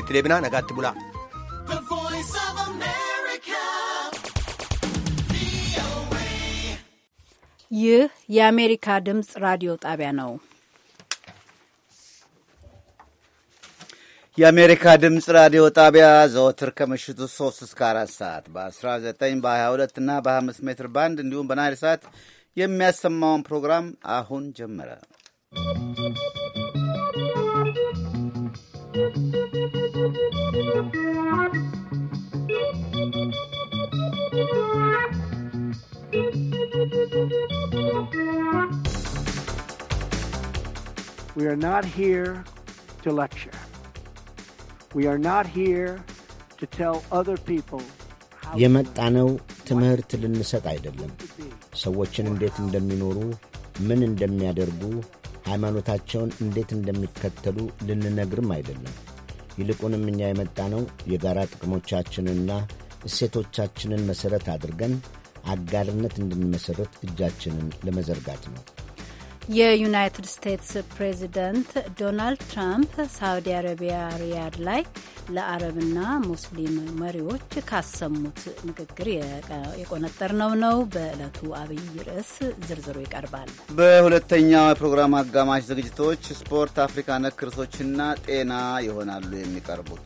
itti ደብና nagaatti ቡላ ይህ የአሜሪካ ድምፅ ራዲዮ ጣቢያ ነው። የአሜሪካ ድምፅ ራዲዮ ጣቢያ ዘወትር ከምሽቱ 3 እስከ 4 ሰዓት በ19 በ22 እና በ25 ሜትር ባንድ እንዲሁም በናይል ሰዓት የሚያሰማውን ፕሮግራም አሁን ጀመረ። We are not here to lecture. We are not here to tell other people የመጣነው ትምህርት ልንሰጥ አይደለም። ሰዎችን እንዴት እንደሚኖሩ፣ ምን እንደሚያደርጉ፣ ሃይማኖታቸውን እንዴት እንደሚከተሉ ልንነግርም አይደለም። ይልቁንም እኛ የመጣ ነው የጋራ ጥቅሞቻችንና እሴቶቻችንን መሠረት አድርገን አጋርነት እንድንመሠረት እጃችንን ለመዘርጋት ነው። የዩናይትድ ስቴትስ ፕሬዚደንት ዶናልድ ትራምፕ ሳውዲ አረቢያ ሪያድ ላይ ለአረብና ሙስሊም መሪዎች ካሰሙት ንግግር የቆነጠርነው ነው። በዕለቱ አብይ ርዕስ ዝርዝሩ ይቀርባል። በሁለተኛው የፕሮግራም አጋማሽ ዝግጅቶች ስፖርት፣ አፍሪካ ነክ ርዕሶችና ጤና ይሆናሉ የሚቀርቡት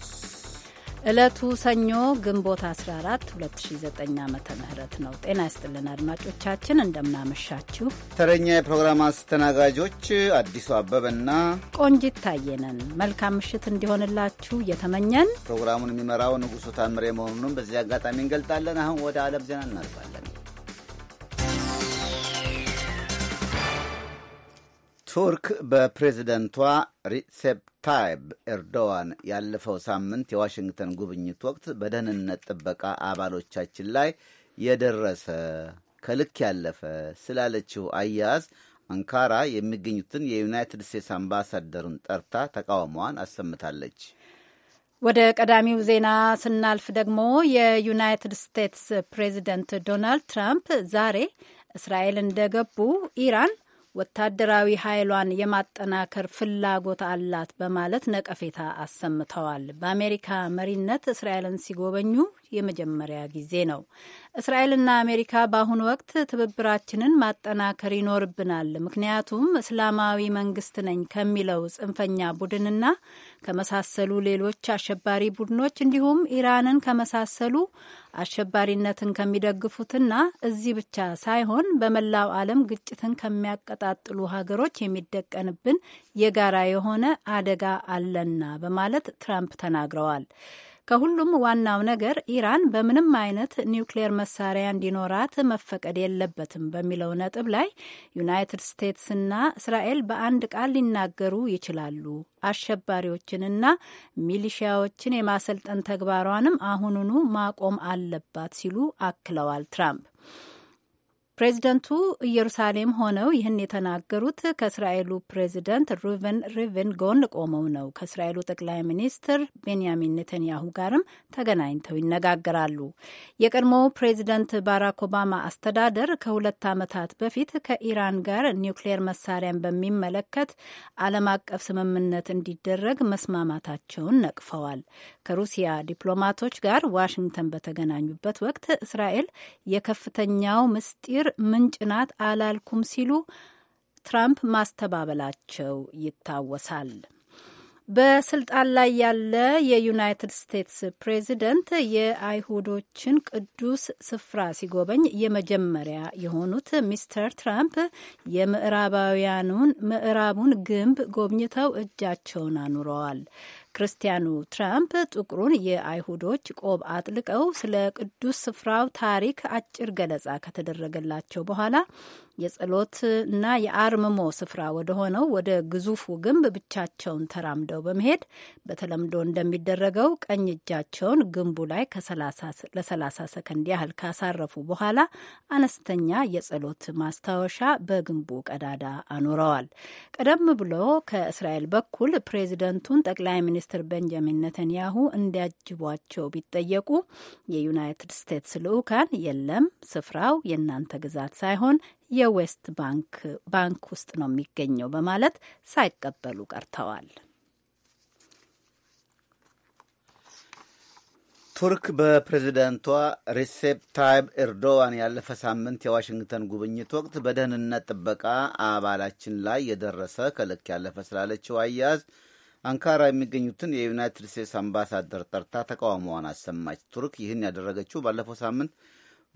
ዕለቱ ሰኞ ግንቦት 14 2009 ዓ ም ነው። ጤና ይስጥልን አድማጮቻችን፣ እንደምናመሻችሁ። ተረኛ የፕሮግራም አስተናጋጆች አዲሱ አበበና ቆንጂት ታየነን። መልካም ምሽት እንዲሆንላችሁ እየተመኘን ፕሮግራሙን የሚመራው ንጉሱ ታምሬ መሆኑንም በዚህ አጋጣሚ እንገልጣለን። አሁን ወደ ዓለም ዜና እናልፋለን። ቱርክ በፕሬዝደንቷ ሪሴፕ ታይብ ኤርዶዋን ያለፈው ሳምንት የዋሽንግተን ጉብኝት ወቅት በደህንነት ጥበቃ አባሎቻችን ላይ የደረሰ ከልክ ያለፈ ስላለችው አያያዝ አንካራ የሚገኙትን የዩናይትድ ስቴትስ አምባሳደርን ጠርታ ተቃውሞዋን አሰምታለች። ወደ ቀዳሚው ዜና ስናልፍ ደግሞ የዩናይትድ ስቴትስ ፕሬዚደንት ዶናልድ ትራምፕ ዛሬ እስራኤል እንደገቡ ኢራን ወታደራዊ ኃይሏን የማጠናከር ፍላጎት አላት በማለት ነቀፌታ አሰምተዋል። በአሜሪካ መሪነት እስራኤልን ሲጎበኙ የመጀመሪያ ጊዜ ነው። እስራኤልና አሜሪካ በአሁኑ ወቅት ትብብራችንን ማጠናከር ይኖርብናል፣ ምክንያቱም እስላማዊ መንግስት ነኝ ከሚለው ጽንፈኛ ቡድንና ከመሳሰሉ ሌሎች አሸባሪ ቡድኖች እንዲሁም ኢራንን ከመሳሰሉ አሸባሪነትን ከሚደግፉትና እዚህ ብቻ ሳይሆን በመላው ዓለም ግጭትን ከሚያቀጣጥሉ ሀገሮች የሚደቀንብን የጋራ የሆነ አደጋ አለና በማለት ትራምፕ ተናግረዋል። ከሁሉም ዋናው ነገር ኢራን በምንም አይነት ኒውክሌር መሳሪያ እንዲኖራት መፈቀድ የለበትም በሚለው ነጥብ ላይ ዩናይትድ ስቴትስና እስራኤል በአንድ ቃል ሊናገሩ ይችላሉ። አሸባሪዎችንና ሚሊሺያዎችን የማሰልጠን ተግባሯንም አሁኑኑ ማቆም አለባት ሲሉ አክለዋል ትራምፕ። ፕሬዚደንቱ ኢየሩሳሌም ሆነው ይህን የተናገሩት ከእስራኤሉ ፕሬዚደንት ሩቨን ሪቭን ጎን ቆመው ነው። ከእስራኤሉ ጠቅላይ ሚኒስትር ቤንያሚን ኔተንያሁ ጋርም ተገናኝተው ይነጋገራሉ። የቀድሞው ፕሬዚደንት ባራክ ኦባማ አስተዳደር ከሁለት ዓመታት በፊት ከኢራን ጋር ኒውክሌር መሳሪያን በሚመለከት ዓለም አቀፍ ስምምነት እንዲደረግ መስማማታቸውን ነቅፈዋል። ከሩሲያ ዲፕሎማቶች ጋር ዋሽንግተን በተገናኙበት ወቅት እስራኤል የከፍተኛው ምስጢር ችግር ምንጭ ናት አላልኩም ሲሉ ትራምፕ ማስተባበላቸው ይታወሳል። በስልጣን ላይ ያለ የዩናይትድ ስቴትስ ፕሬዚደንት የአይሁዶችን ቅዱስ ስፍራ ሲጎበኝ የመጀመሪያ የሆኑት ሚስተር ትራምፕ የምዕራባውያኑን ምዕራቡን ግንብ ጎብኝተው እጃቸውን አኑረዋል። ክርስቲያኑ ትራምፕ ጥቁሩን የአይሁዶች ቆብ አጥልቀው ስለ ቅዱስ ስፍራው ታሪክ አጭር ገለጻ ከተደረገላቸው በኋላ የጸሎትና የአርምሞ ስፍራ ወደ ሆነው ወደ ግዙፉ ግንብ ብቻቸውን ተራምደው በመሄድ በተለምዶ እንደሚደረገው ቀኝ እጃቸውን ግንቡ ላይ ለሰላሳ ሰከንድ ያህል ካሳረፉ በኋላ አነስተኛ የጸሎት ማስታወሻ በግንቡ ቀዳዳ አኑረዋል። ቀደም ብሎ ከእስራኤል በኩል ፕሬዚደንቱን ጠቅላይ ሚኒስትር ቤንጃሚን ነተንያሁ እንዲያጅቧቸው ቢጠየቁ የዩናይትድ ስቴትስ ልዑካን የለም፣ ስፍራው የእናንተ ግዛት ሳይሆን የዌስት ባንክ ባንክ ውስጥ ነው የሚገኘው በማለት ሳይቀበሉ ቀርተዋል። ቱርክ በፕሬዚደንቷ ሪሴፕ ታይብ ኤርዶዋን ያለፈ ሳምንት የዋሽንግተን ጉብኝት ወቅት በደህንነት ጥበቃ አባላችን ላይ የደረሰ ከልክ ያለፈ ስላለችው አያያዝ አንካራ የሚገኙትን የዩናይትድ ስቴትስ አምባሳደር ጠርታ ተቃውሞዋን አሰማች። ቱርክ ይህን ያደረገችው ባለፈው ሳምንት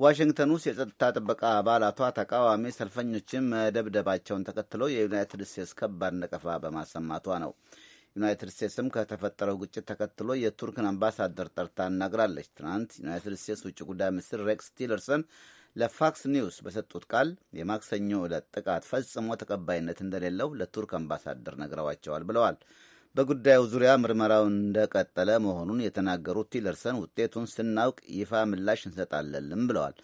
ዋሽንግተን ውስጥ የጸጥታ ጥበቃ አባላቷ ተቃዋሚ ሰልፈኞችን መደብደባቸውን ተከትሎ የዩናይትድ ስቴትስ ከባድ ነቀፋ በማሰማቷ ነው። ዩናይትድ ስቴትስም ከተፈጠረው ግጭት ተከትሎ የቱርክን አምባሳደር ጠርታ እናግራለች። ትናንት ዩናይትድ ስቴትስ ውጭ ጉዳይ ሚኒስትር ሬክስ ቲለርሰን ለፋክስ ኒውስ በሰጡት ቃል የማክሰኞ ዕለት ጥቃት ፈጽሞ ተቀባይነት እንደሌለው ለቱርክ አምባሳደር ነግረዋቸዋል ብለዋል። በጉዳዩ ዙሪያ ምርመራው እንደቀጠለ መሆኑን የተናገሩት ቲለርሰን ውጤቱን ስናውቅ ይፋ ምላሽ እንሰጣለንም ብለዋል።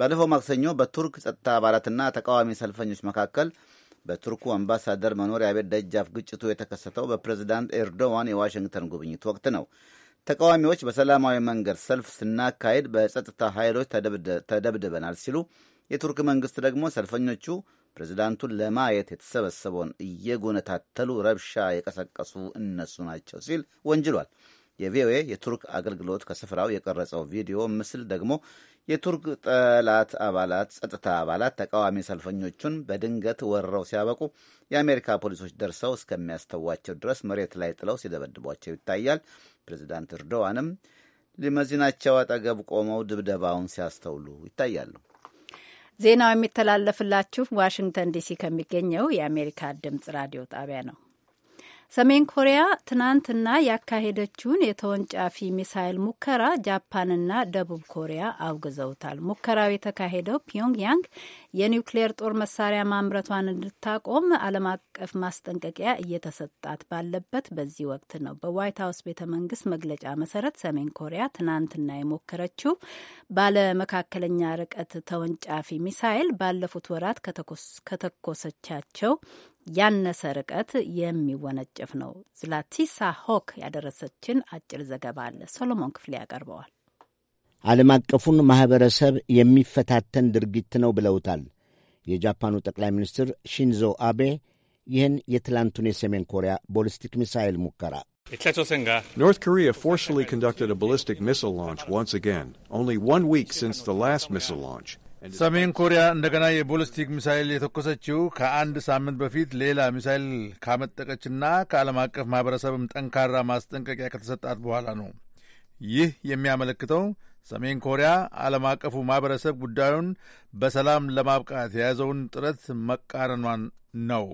ባለፈው ማክሰኞ በቱርክ ጸጥታ አባላትና ተቃዋሚ ሰልፈኞች መካከል በቱርኩ አምባሳደር መኖሪያ ቤት ደጃፍ ግጭቱ የተከሰተው በፕሬዚዳንት ኤርዶዋን የዋሽንግተን ጉብኝት ወቅት ነው። ተቃዋሚዎች በሰላማዊ መንገድ ሰልፍ ስናካሄድ በጸጥታ ኃይሎች ተደብድበናል ሲሉ፣ የቱርክ መንግስት ደግሞ ሰልፈኞቹ ፕሬዚዳንቱን ለማየት የተሰበሰበውን እየጎነታተሉ ረብሻ የቀሰቀሱ እነሱ ናቸው ሲል ወንጅሏል። የቪኦኤ የቱርክ አገልግሎት ከስፍራው የቀረጸው ቪዲዮ ምስል ደግሞ የቱርክ ጠላት አባላት ጸጥታ አባላት ተቃዋሚ ሰልፈኞቹን በድንገት ወረው ሲያበቁ የአሜሪካ ፖሊሶች ደርሰው እስከሚያስተዋቸው ድረስ መሬት ላይ ጥለው ሲደበድቧቸው ይታያል። ፕሬዚዳንት ኤርዶዋንም ሊመዚናቸው አጠገብ ቆመው ድብደባውን ሲያስተውሉ ይታያሉ። ዜናው የሚተላለፍላችሁ ዋሽንግተን ዲሲ ከሚገኘው የአሜሪካ ድምጽ ራዲዮ ጣቢያ ነው። ሰሜን ኮሪያ ትናንትና ያካሄደችውን የተወንጫፊ ሚሳይል ሙከራ ጃፓንና ደቡብ ኮሪያ አውግዘውታል። ሙከራው የተካሄደው ፒዮንግያንግ የኒውክሌር ጦር መሳሪያ ማምረቷን እንድታቆም ዓለም አቀፍ ማስጠንቀቂያ እየተሰጣት ባለበት በዚህ ወቅት ነው። በዋይት ሀውስ ቤተ መንግስት መግለጫ መሰረት ሰሜን ኮሪያ ትናንትና የሞከረችው ባለመካከለኛ ርቀት ተወንጫፊ ሚሳይል ባለፉት ወራት ከተኮሰቻቸው ያነሰ ርቀት የሚወነጨፍ ነው። ዝላቲሳ ሆክ ያደረሰችን አጭር ዘገባ አለ። ሶሎሞን ክፍሌ ያቀርበዋል። ዓለም አቀፉን ማኅበረሰብ የሚፈታተን ድርጊት ነው ብለውታል። የጃፓኑ ጠቅላይ ሚኒስትር ሺንዞ አቤ ይህን የትላንቱን የሰሜን ኮሪያ ቦሊስቲክ ሚሳይል ሙከራ ኖርት ኮሪያ forcefully conducted a ballistic missile launch once again, only one week since the last ሰሜን ኮሪያ እንደገና የቦሊስቲክ ሚሳይል የተኮሰችው ከአንድ ሳምንት በፊት ሌላ ሚሳይል ካመጠቀችና ከዓለም አቀፍ ማኅበረሰብም ጠንካራ ማስጠንቀቂያ ከተሰጣት በኋላ ነው። ይህ የሚያመለክተው ሰሜን ኮሪያ ዓለም አቀፉ ማኅበረሰብ ጉዳዩን በሰላም ለማብቃት የያዘውን ጥረት መቃረኗን ነው።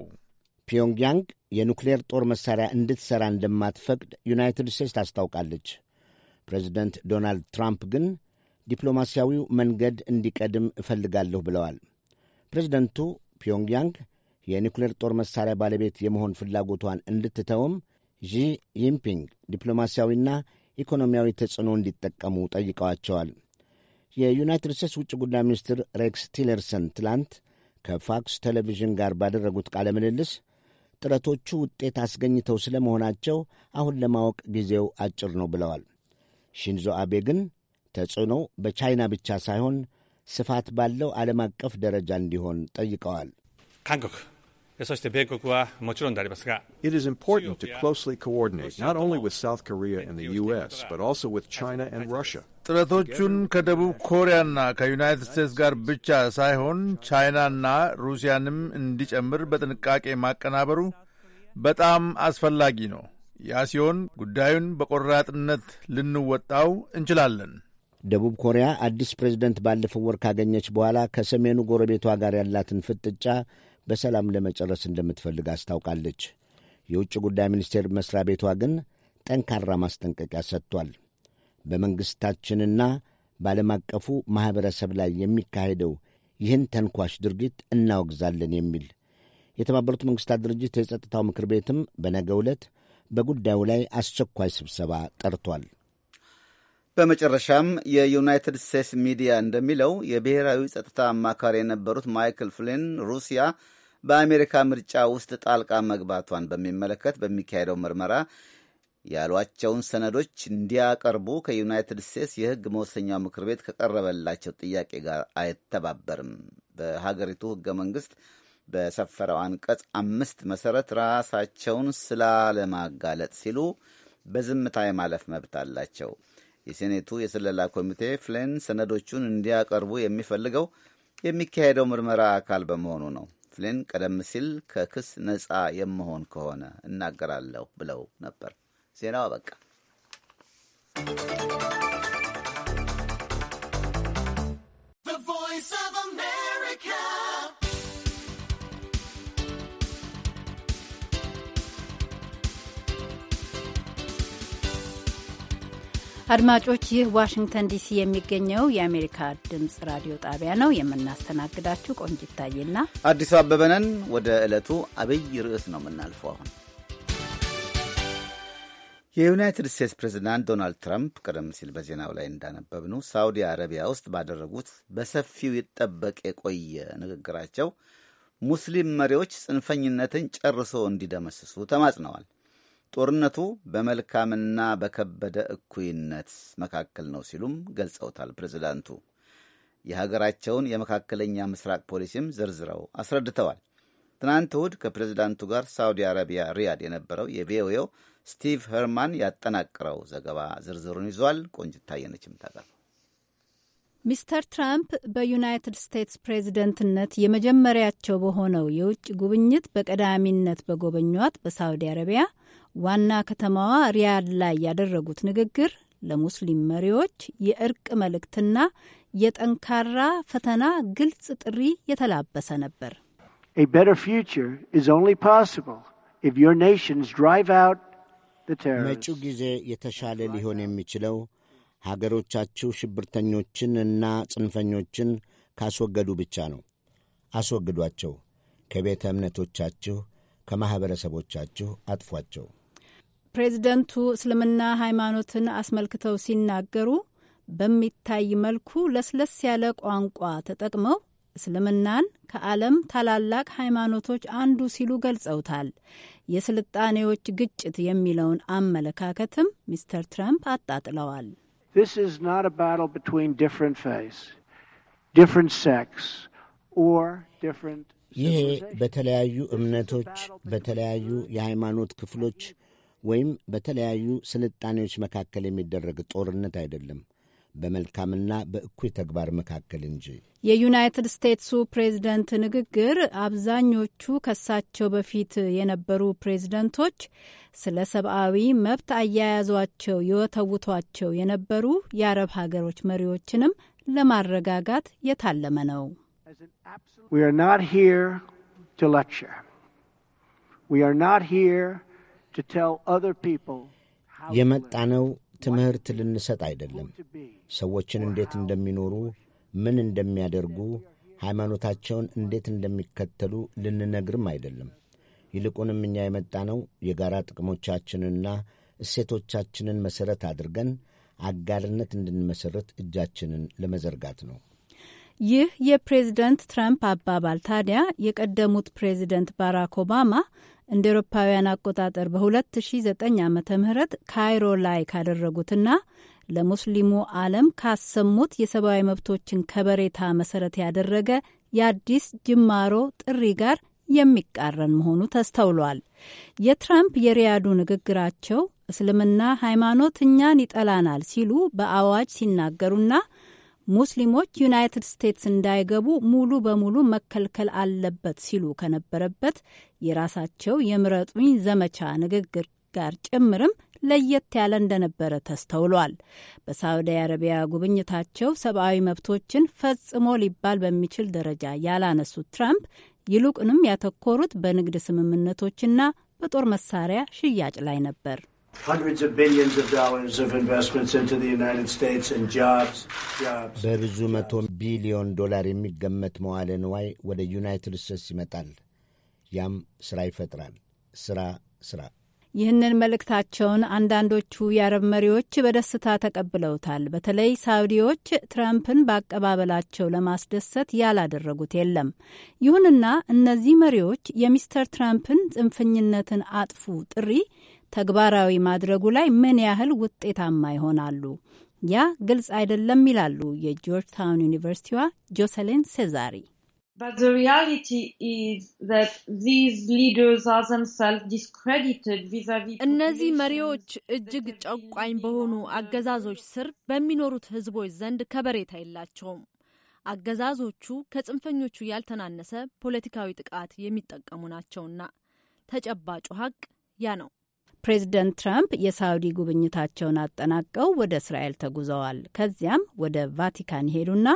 ፒዮንግያንግ የኑክሌር ጦር መሣሪያ እንድትሠራ እንደማትፈቅድ ዩናይትድ ስቴትስ ታስታውቃለች። ፕሬዚደንት ዶናልድ ትራምፕ ግን ዲፕሎማሲያዊው መንገድ እንዲቀድም እፈልጋለሁ ብለዋል። ፕሬዚደንቱ ፒዮንግያንግ የኒኩሌር ጦር መሣሪያ ባለቤት የመሆን ፍላጎቷን እንድትተውም ዢ ጂንፒንግ ዲፕሎማሲያዊና ኢኮኖሚያዊ ተጽዕኖ እንዲጠቀሙ ጠይቀዋቸዋል። የዩናይትድ ስቴትስ ውጭ ጉዳይ ሚኒስትር ሬክስ ቲለርሰን ትላንት ከፋክስ ቴሌቪዥን ጋር ባደረጉት ቃለ ምልልስ ጥረቶቹ ውጤት አስገኝተው ስለመሆናቸው አሁን ለማወቅ ጊዜው አጭር ነው ብለዋል። ሺንዞ አቤ ግን ተጽዕኖው በቻይና ብቻ ሳይሆን ስፋት ባለው ዓለም አቀፍ ደረጃ እንዲሆን ጠይቀዋል። そして米国はもちろんでありますが is important to closely coordinate not only with South Korea and the US but also with China and Russia ጥረቶቹን ከደቡብ ኮሪያና ከዩናይትድ ስቴትስ ጋር ብቻ ሳይሆን ቻይናና ሩሲያንም እንዲጨምር በጥንቃቄ ማቀናበሩ በጣም አስፈላጊ ነው። ያ ሲሆን ጉዳዩን በቆራጥነት ልንወጣው እንችላለን። ደቡብ ኮሪያ አዲስ ፕሬዝደንት ባለፈው ወር ካገኘች በኋላ ከሰሜኑ ጎረቤቷ ጋር ያላትን ፍጥጫ በሰላም ለመጨረስ እንደምትፈልግ አስታውቃለች። የውጭ ጉዳይ ሚኒስቴር መሥሪያ ቤቷ ግን ጠንካራ ማስጠንቀቂያ ሰጥቷል። በመንግሥታችንና በዓለም አቀፉ ማኅበረሰብ ላይ የሚካሄደው ይህን ተንኳሽ ድርጊት እናወግዛለን የሚል የተባበሩት መንግሥታት ድርጅት የጸጥታው ምክር ቤትም በነገ ዕለት በጉዳዩ ላይ አስቸኳይ ስብሰባ ጠርቷል። በመጨረሻም የዩናይትድ ስቴትስ ሚዲያ እንደሚለው የብሔራዊ ጸጥታ አማካሪ የነበሩት ማይክል ፍሊን ሩሲያ በአሜሪካ ምርጫ ውስጥ ጣልቃ መግባቷን በሚመለከት በሚካሄደው ምርመራ ያሏቸውን ሰነዶች እንዲያቀርቡ ከዩናይትድ ስቴትስ የሕግ መወሰኛው ምክር ቤት ከቀረበላቸው ጥያቄ ጋር አይተባበርም። በሀገሪቱ ሕገ መንግስት በሰፈረው አንቀጽ አምስት መሰረት ራሳቸውን ስላለማጋለጥ ሲሉ በዝምታ የማለፍ መብት አላቸው። የሴኔቱ የስለላ ኮሚቴ ፍሌን ሰነዶቹን እንዲያቀርቡ የሚፈልገው የሚካሄደው ምርመራ አካል በመሆኑ ነው። ፍሌን ቀደም ሲል ከክስ ነጻ የመሆን ከሆነ እናገራለሁ ብለው ነበር። ዜናው አበቃ። አድማጮች ይህ ዋሽንግተን ዲሲ የሚገኘው የአሜሪካ ድምፅ ራዲዮ ጣቢያ ነው። የምናስተናግዳችሁ ቆንጅ ይታየና አዲሱ አበበነን። ወደ ዕለቱ አብይ ርዕስ ነው የምናልፈው። አሁን የዩናይትድ ስቴትስ ፕሬዚዳንት ዶናልድ ትራምፕ ቀደም ሲል በዜናው ላይ እንዳነበብነው ሳውዲ አረቢያ ውስጥ ባደረጉት በሰፊው ይጠበቅ የቆየ ንግግራቸው ሙስሊም መሪዎች ጽንፈኝነትን ጨርሶ እንዲደመስሱ ተማጽነዋል። ጦርነቱ በመልካምና በከበደ እኩይነት መካከል ነው ሲሉም ገልጸውታል። ፕሬዚዳንቱ የሀገራቸውን የመካከለኛ ምስራቅ ፖሊሲም ዘርዝረው አስረድተዋል። ትናንት እሁድ ከፕሬዚዳንቱ ጋር ሳውዲ አረቢያ ሪያድ የነበረው የቪኦኤው ስቲቭ ሄርማን ያጠናቀረው ዘገባ ዝርዝሩን ይዟል። ታየነችም ታቀርብ ሚስተር ትራምፕ በዩናይትድ ስቴትስ ፕሬዝደንትነት የመጀመሪያቸው በሆነው የውጭ ጉብኝት በቀዳሚነት በጎበኟት በሳውዲ አረቢያ ዋና ከተማዋ ሪያድ ላይ ያደረጉት ንግግር ለሙስሊም መሪዎች የእርቅ መልእክትና የጠንካራ ፈተና ግልጽ ጥሪ የተላበሰ ነበር። መጪው ጊዜ የተሻለ ሊሆን የሚችለው ሀገሮቻችሁ ሽብርተኞችን እና ጽንፈኞችን ካስወገዱ ብቻ ነው። አስወግዷቸው። ከቤተ እምነቶቻችሁ፣ ከማኅበረሰቦቻችሁ አጥፏቸው። ፕሬዚደንቱ እስልምና ሃይማኖትን አስመልክተው ሲናገሩ በሚታይ መልኩ ለስለስ ያለ ቋንቋ ተጠቅመው እስልምናን ከዓለም ታላላቅ ሃይማኖቶች አንዱ ሲሉ ገልጸውታል። የስልጣኔዎች ግጭት የሚለውን አመለካከትም ሚስተር ትራምፕ አጣጥለዋል። ይሄ በተለያዩ እምነቶች፣ በተለያዩ የሃይማኖት ክፍሎች ወይም በተለያዩ ስልጣኔዎች መካከል የሚደረግ ጦርነት አይደለም፣ በመልካምና በእኩይ ተግባር መካከል እንጂ። የዩናይትድ ስቴትሱ ፕሬዝደንት ንግግር አብዛኞቹ ከሳቸው በፊት የነበሩ ፕሬዝደንቶች ስለ ሰብአዊ መብት አያያዟቸው የወተውቷቸው የነበሩ የአረብ ሀገሮች መሪዎችንም ለማረጋጋት የታለመ ነው። We are not here to lecture. We are not here የመጣነው ትምህርት ልንሰጥ አይደለም። ሰዎችን እንዴት እንደሚኖሩ፣ ምን እንደሚያደርጉ፣ ሃይማኖታቸውን እንዴት እንደሚከተሉ ልንነግርም አይደለም። ይልቁንም እኛ የመጣነው የጋራ ጥቅሞቻችንና እሴቶቻችንን መሠረት አድርገን አጋርነት እንድንመሠረት እጃችንን ለመዘርጋት ነው። ይህ የፕሬዝደንት ትራምፕ አባባል ታዲያ የቀደሙት ፕሬዝደንት ባራክ ኦባማ እንደ ኤሮፓውያን አቆጣጠር በ2009 ዓ ም ካይሮ ላይ ካደረጉትና ለሙስሊሙ ዓለም ካሰሙት የሰብአዊ መብቶችን ከበሬታ መሰረት ያደረገ የአዲስ ጅማሮ ጥሪ ጋር የሚቃረን መሆኑ ተስተውሏል። የትራምፕ የሪያዱ ንግግራቸው እስልምና ሃይማኖት እኛን ይጠላናል ሲሉ በአዋጅ ሲናገሩና ሙስሊሞች ዩናይትድ ስቴትስ እንዳይገቡ ሙሉ በሙሉ መከልከል አለበት ሲሉ ከነበረበት የራሳቸው የምረጡኝ ዘመቻ ንግግር ጋር ጭምርም ለየት ያለ እንደነበረ ተስተውሏል። በሳውዲ አረቢያ ጉብኝታቸው ሰብአዊ መብቶችን ፈጽሞ ሊባል በሚችል ደረጃ ያላነሱት ትራምፕ ይልቁንም ያተኮሩት በንግድ ስምምነቶችና በጦር መሳሪያ ሽያጭ ላይ ነበር። በብዙ መቶ ቢሊዮን ዶላር የሚገመት መዋለ ንዋይ ወደ ዩናይትድ ስቴትስ ይመጣል። ያም ስራ ይፈጥራል። ስራ ስራ። ይህንን መልእክታቸውን አንዳንዶቹ የአረብ መሪዎች በደስታ ተቀብለውታል። በተለይ ሳውዲዎች ትራምፕን በአቀባበላቸው ለማስደሰት ያላደረጉት የለም። ይሁንና እነዚህ መሪዎች የሚስተር ትራምፕን ጽንፈኝነትን አጥፉ ጥሪ ተግባራዊ ማድረጉ ላይ ምን ያህል ውጤታማ ይሆናሉ? ያ ግልጽ አይደለም ይላሉ የጆርጅ ታውን ዩኒቨርሲቲዋ ጆሰሊን ሴዛሪ። እነዚህ መሪዎች እጅግ ጨቋኝ በሆኑ አገዛዞች ስር በሚኖሩት ሕዝቦች ዘንድ ከበሬታ የላቸውም። አገዛዞቹ ከጽንፈኞቹ ያልተናነሰ ፖለቲካዊ ጥቃት የሚጠቀሙ ናቸውና ተጨባጩ ሀቅ ያ ነው። ፕሬዚደንት ትራምፕ የሳውዲ ጉብኝታቸውን አጠናቀው ወደ እስራኤል ተጉዘዋል። ከዚያም ወደ ቫቲካን ይሄዱና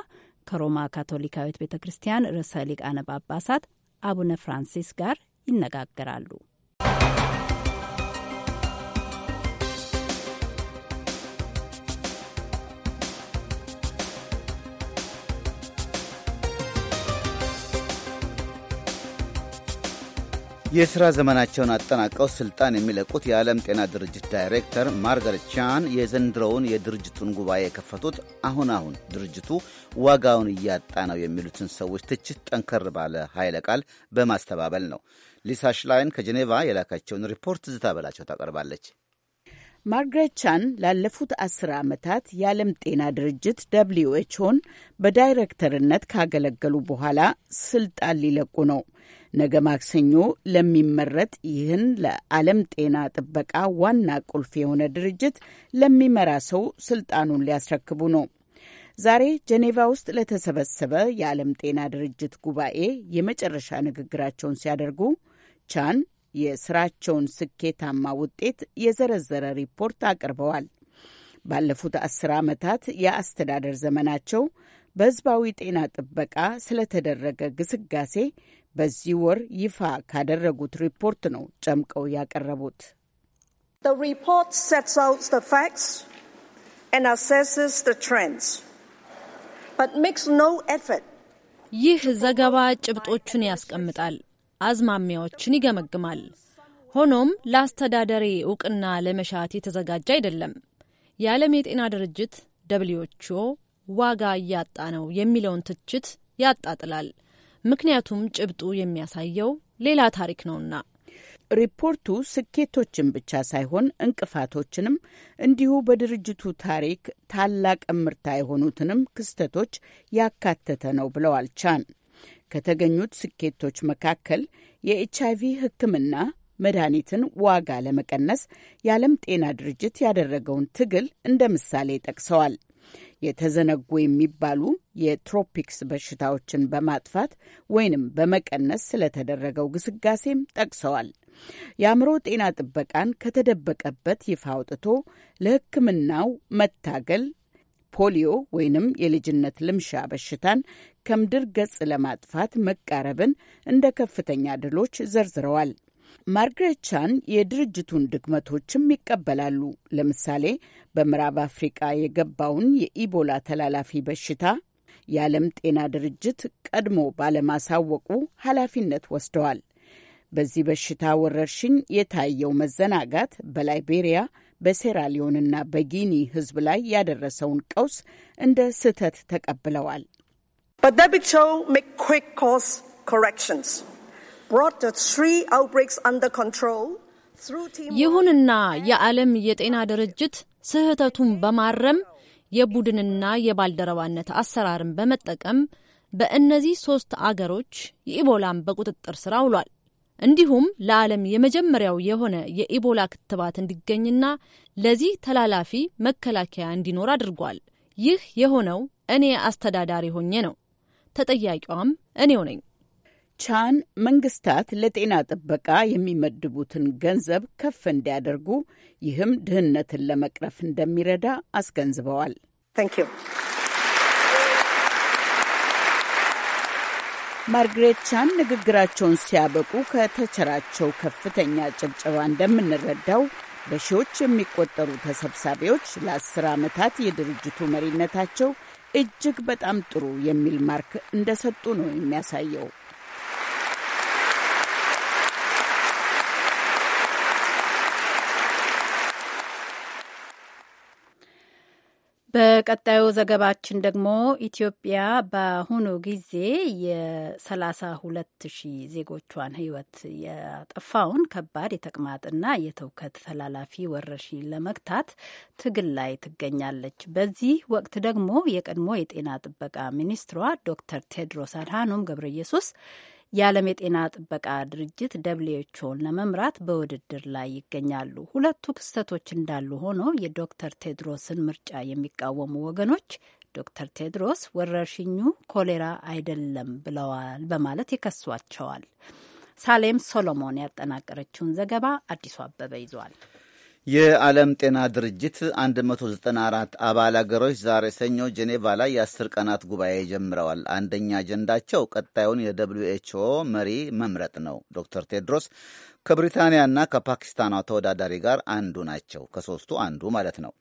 ከሮማ ካቶሊካዊት ቤተ ክርስቲያን ርዕሰ ሊቃነ ጳጳሳት አቡነ ፍራንሲስ ጋር ይነጋገራሉ። የሥራ ዘመናቸውን አጠናቀው ሥልጣን የሚለቁት የዓለም ጤና ድርጅት ዳይሬክተር ማርጋሬት ቻን የዘንድሮውን የድርጅቱን ጉባኤ የከፈቱት አሁን አሁን ድርጅቱ ዋጋውን እያጣ ነው የሚሉትን ሰዎች ትችት ጠንከር ባለ ኃይለ ቃል በማስተባበል ነው። ሊሳ ሽላይን ከጄኔቫ የላካቸውን ሪፖርት ዝታ በላቸው ታቀርባለች። ማርግሬት ቻን ላለፉት አስር ዓመታት የዓለም ጤና ድርጅት ደብልዩ በዳይሬክተርነት ካገለገሉ በኋላ ስልጣን ሊለቁ ነው። ነገ ማክሰኞ ለሚመረጥ ይህን ለዓለም ጤና ጥበቃ ዋና ቁልፍ የሆነ ድርጅት ለሚመራ ሰው ስልጣኑን ሊያስረክቡ ነው። ዛሬ ጀኔቫ ውስጥ ለተሰበሰበ የዓለም ጤና ድርጅት ጉባኤ የመጨረሻ ንግግራቸውን ሲያደርጉ ቻን የስራቸውን ስኬታማ ውጤት የዘረዘረ ሪፖርት አቅርበዋል። ባለፉት አስር ዓመታት የአስተዳደር ዘመናቸው በሕዝባዊ ጤና ጥበቃ ስለተደረገ ግስጋሴ በዚህ ወር ይፋ ካደረጉት ሪፖርት ነው ጨምቀው ያቀረቡት። ይህ ዘገባ ጭብጦቹን ያስቀምጣል፣ አዝማሚያዎችን ይገመግማል። ሆኖም ለአስተዳደሬ እውቅና ለመሻት የተዘጋጀ አይደለም። የዓለም የጤና ድርጅት ደብሊውኤችኦ ዋጋ እያጣ ነው የሚለውን ትችት ያጣጥላል። ምክንያቱም ጭብጡ የሚያሳየው ሌላ ታሪክ ነውና። ሪፖርቱ ስኬቶችን ብቻ ሳይሆን እንቅፋቶችንም እንዲሁ በድርጅቱ ታሪክ ታላቅ እምርታ የሆኑትንም ክስተቶች ያካተተ ነው ብለዋል ቻን። ከተገኙት ስኬቶች መካከል የኤች አይቪ ሕክምና መድኃኒትን ዋጋ ለመቀነስ የዓለም ጤና ድርጅት ያደረገውን ትግል እንደ ምሳሌ ጠቅሰዋል። የተዘነጉ የሚባሉ የትሮፒክስ በሽታዎችን በማጥፋት ወይንም በመቀነስ ስለተደረገው ግስጋሴም ጠቅሰዋል። የአእምሮ ጤና ጥበቃን ከተደበቀበት ይፋ አውጥቶ ለሕክምናው መታገል ፖሊዮ ወይንም የልጅነት ልምሻ በሽታን ከምድር ገጽ ለማጥፋት መቃረብን እንደ ከፍተኛ ድሎች ዘርዝረዋል። ማርግሬት ቻን የድርጅቱን ድክመቶችም ይቀበላሉ። ለምሳሌ በምዕራብ አፍሪቃ የገባውን የኢቦላ ተላላፊ በሽታ የዓለም ጤና ድርጅት ቀድሞ ባለማሳወቁ ኃላፊነት ወስደዋል። በዚህ በሽታ ወረርሽኝ የታየው መዘናጋት በላይቤሪያ በሴራሊዮንና በጊኒ ሕዝብ ላይ ያደረሰውን ቀውስ እንደ ስህተት ተቀብለዋል። brought the ይሁንና የዓለም የጤና ድርጅት ስህተቱን በማረም የቡድንና የባልደረባነት አሰራርን በመጠቀም በእነዚህ ሶስት አገሮች የኢቦላን በቁጥጥር ስር አውሏል። እንዲሁም ለዓለም የመጀመሪያው የሆነ የኢቦላ ክትባት እንዲገኝና ለዚህ ተላላፊ መከላከያ እንዲኖር አድርጓል። ይህ የሆነው እኔ አስተዳዳሪ ሆኜ ነው። ተጠያቂዋም እኔው ነኝ። ቻን መንግስታት ለጤና ጥበቃ የሚመድቡትን ገንዘብ ከፍ እንዲያደርጉ ይህም ድህነትን ለመቅረፍ እንደሚረዳ አስገንዝበዋል። ማርግሬት ቻን ንግግራቸውን ሲያበቁ ከተቸራቸው ከፍተኛ ጭብጨባ እንደምንረዳው በሺዎች የሚቆጠሩ ተሰብሳቢዎች ለአስር ዓመታት የድርጅቱ መሪነታቸው እጅግ በጣም ጥሩ የሚል ማርክ እንደሰጡ ነው የሚያሳየው። በቀጣዩ ዘገባችን ደግሞ ኢትዮጵያ በአሁኑ ጊዜ የ32 ሺህ ዜጎቿን ሕይወት ያጠፋውን ከባድ የተቅማጥና የተውከት ተላላፊ ወረርሽኝ ለመግታት ትግል ላይ ትገኛለች። በዚህ ወቅት ደግሞ የቀድሞ የጤና ጥበቃ ሚኒስትሯ ዶክተር ቴድሮስ አድሃኖም ገብረ ኢየሱስ የዓለም የጤና ጥበቃ ድርጅት ደብሊውኤችኦን ለመምራት በውድድር ላይ ይገኛሉ። ሁለቱ ክስተቶች እንዳሉ ሆኖ የዶክተር ቴድሮስን ምርጫ የሚቃወሙ ወገኖች ዶክተር ቴድሮስ ወረርሽኙ ኮሌራ አይደለም ብለዋል በማለት ይከሷቸዋል። ሳሌም ሶሎሞን ያጠናቀረችውን ዘገባ አዲሱ አበበ ይዟል። የዓለም ጤና ድርጅት 194 አባል አገሮች ዛሬ ሰኞ ጄኔቫ ላይ የአስር ቀናት ጉባኤ ጀምረዋል። አንደኛ አጀንዳቸው ቀጣዩን የደብሊው ኤችኦ መሪ መምረጥ ነው። ዶክተር ቴድሮስ ከብሪታንያና ከፓኪስታኗ ተወዳዳሪ ጋር አንዱ ናቸው። ከሶስቱ አንዱ ማለት ነው።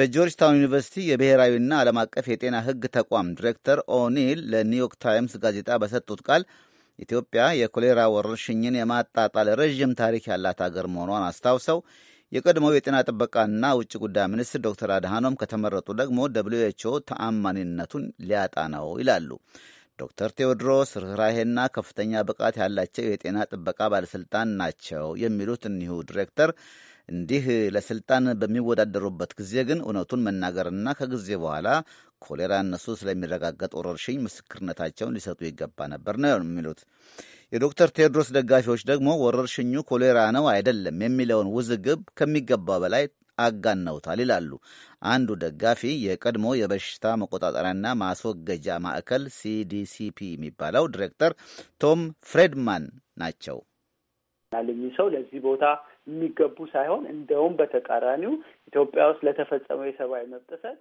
በጆርጅታውን ዩኒቨርሲቲ የብሔራዊና ዓለም አቀፍ የጤና ሕግ ተቋም ዲሬክተር ኦኒል ለኒውዮርክ ታይምስ ጋዜጣ በሰጡት ቃል ኢትዮጵያ የኮሌራ ወረርሽኝን የማጣጣል ረዥም ታሪክ ያላት አገር መሆኗን አስታውሰው የቀድሞው የጤና ጥበቃና ውጭ ጉዳይ ሚኒስትር ዶክተር አድሃኖም ከተመረጡ ደግሞ ደብሊዩ ኤችኦ ተአማኒነቱን ሊያጣ ነው ይላሉ። ዶክተር ቴዎድሮስ ርኅራሄና ከፍተኛ ብቃት ያላቸው የጤና ጥበቃ ባለሥልጣን ናቸው የሚሉት እኒሁ ዲሬክተር እንዲህ ለስልጣን በሚወዳደሩበት ጊዜ ግን እውነቱን መናገርና ከጊዜ በኋላ ኮሌራ እነሱ ስለሚረጋገጥ ወረርሽኝ ምስክርነታቸውን ሊሰጡ ይገባ ነበር ነው የሚሉት። የዶክተር ቴዎድሮስ ደጋፊዎች ደግሞ ወረርሽኙ ኮሌራ ነው አይደለም የሚለውን ውዝግብ ከሚገባ በላይ አጋነውታል ይላሉ። አንዱ ደጋፊ የቀድሞ የበሽታ መቆጣጠሪያና ማስወገጃ ማዕከል ሲዲሲፒ የሚባለው ዲሬክተር ቶም ፍሬድማን ናቸው። ናልኝ ሰው ለዚህ ቦታ የሚገቡ ሳይሆን እንደውም በተቃራኒው ኢትዮጵያ ውስጥ ለተፈጸመው የሰብአዊ መብት ጥሰት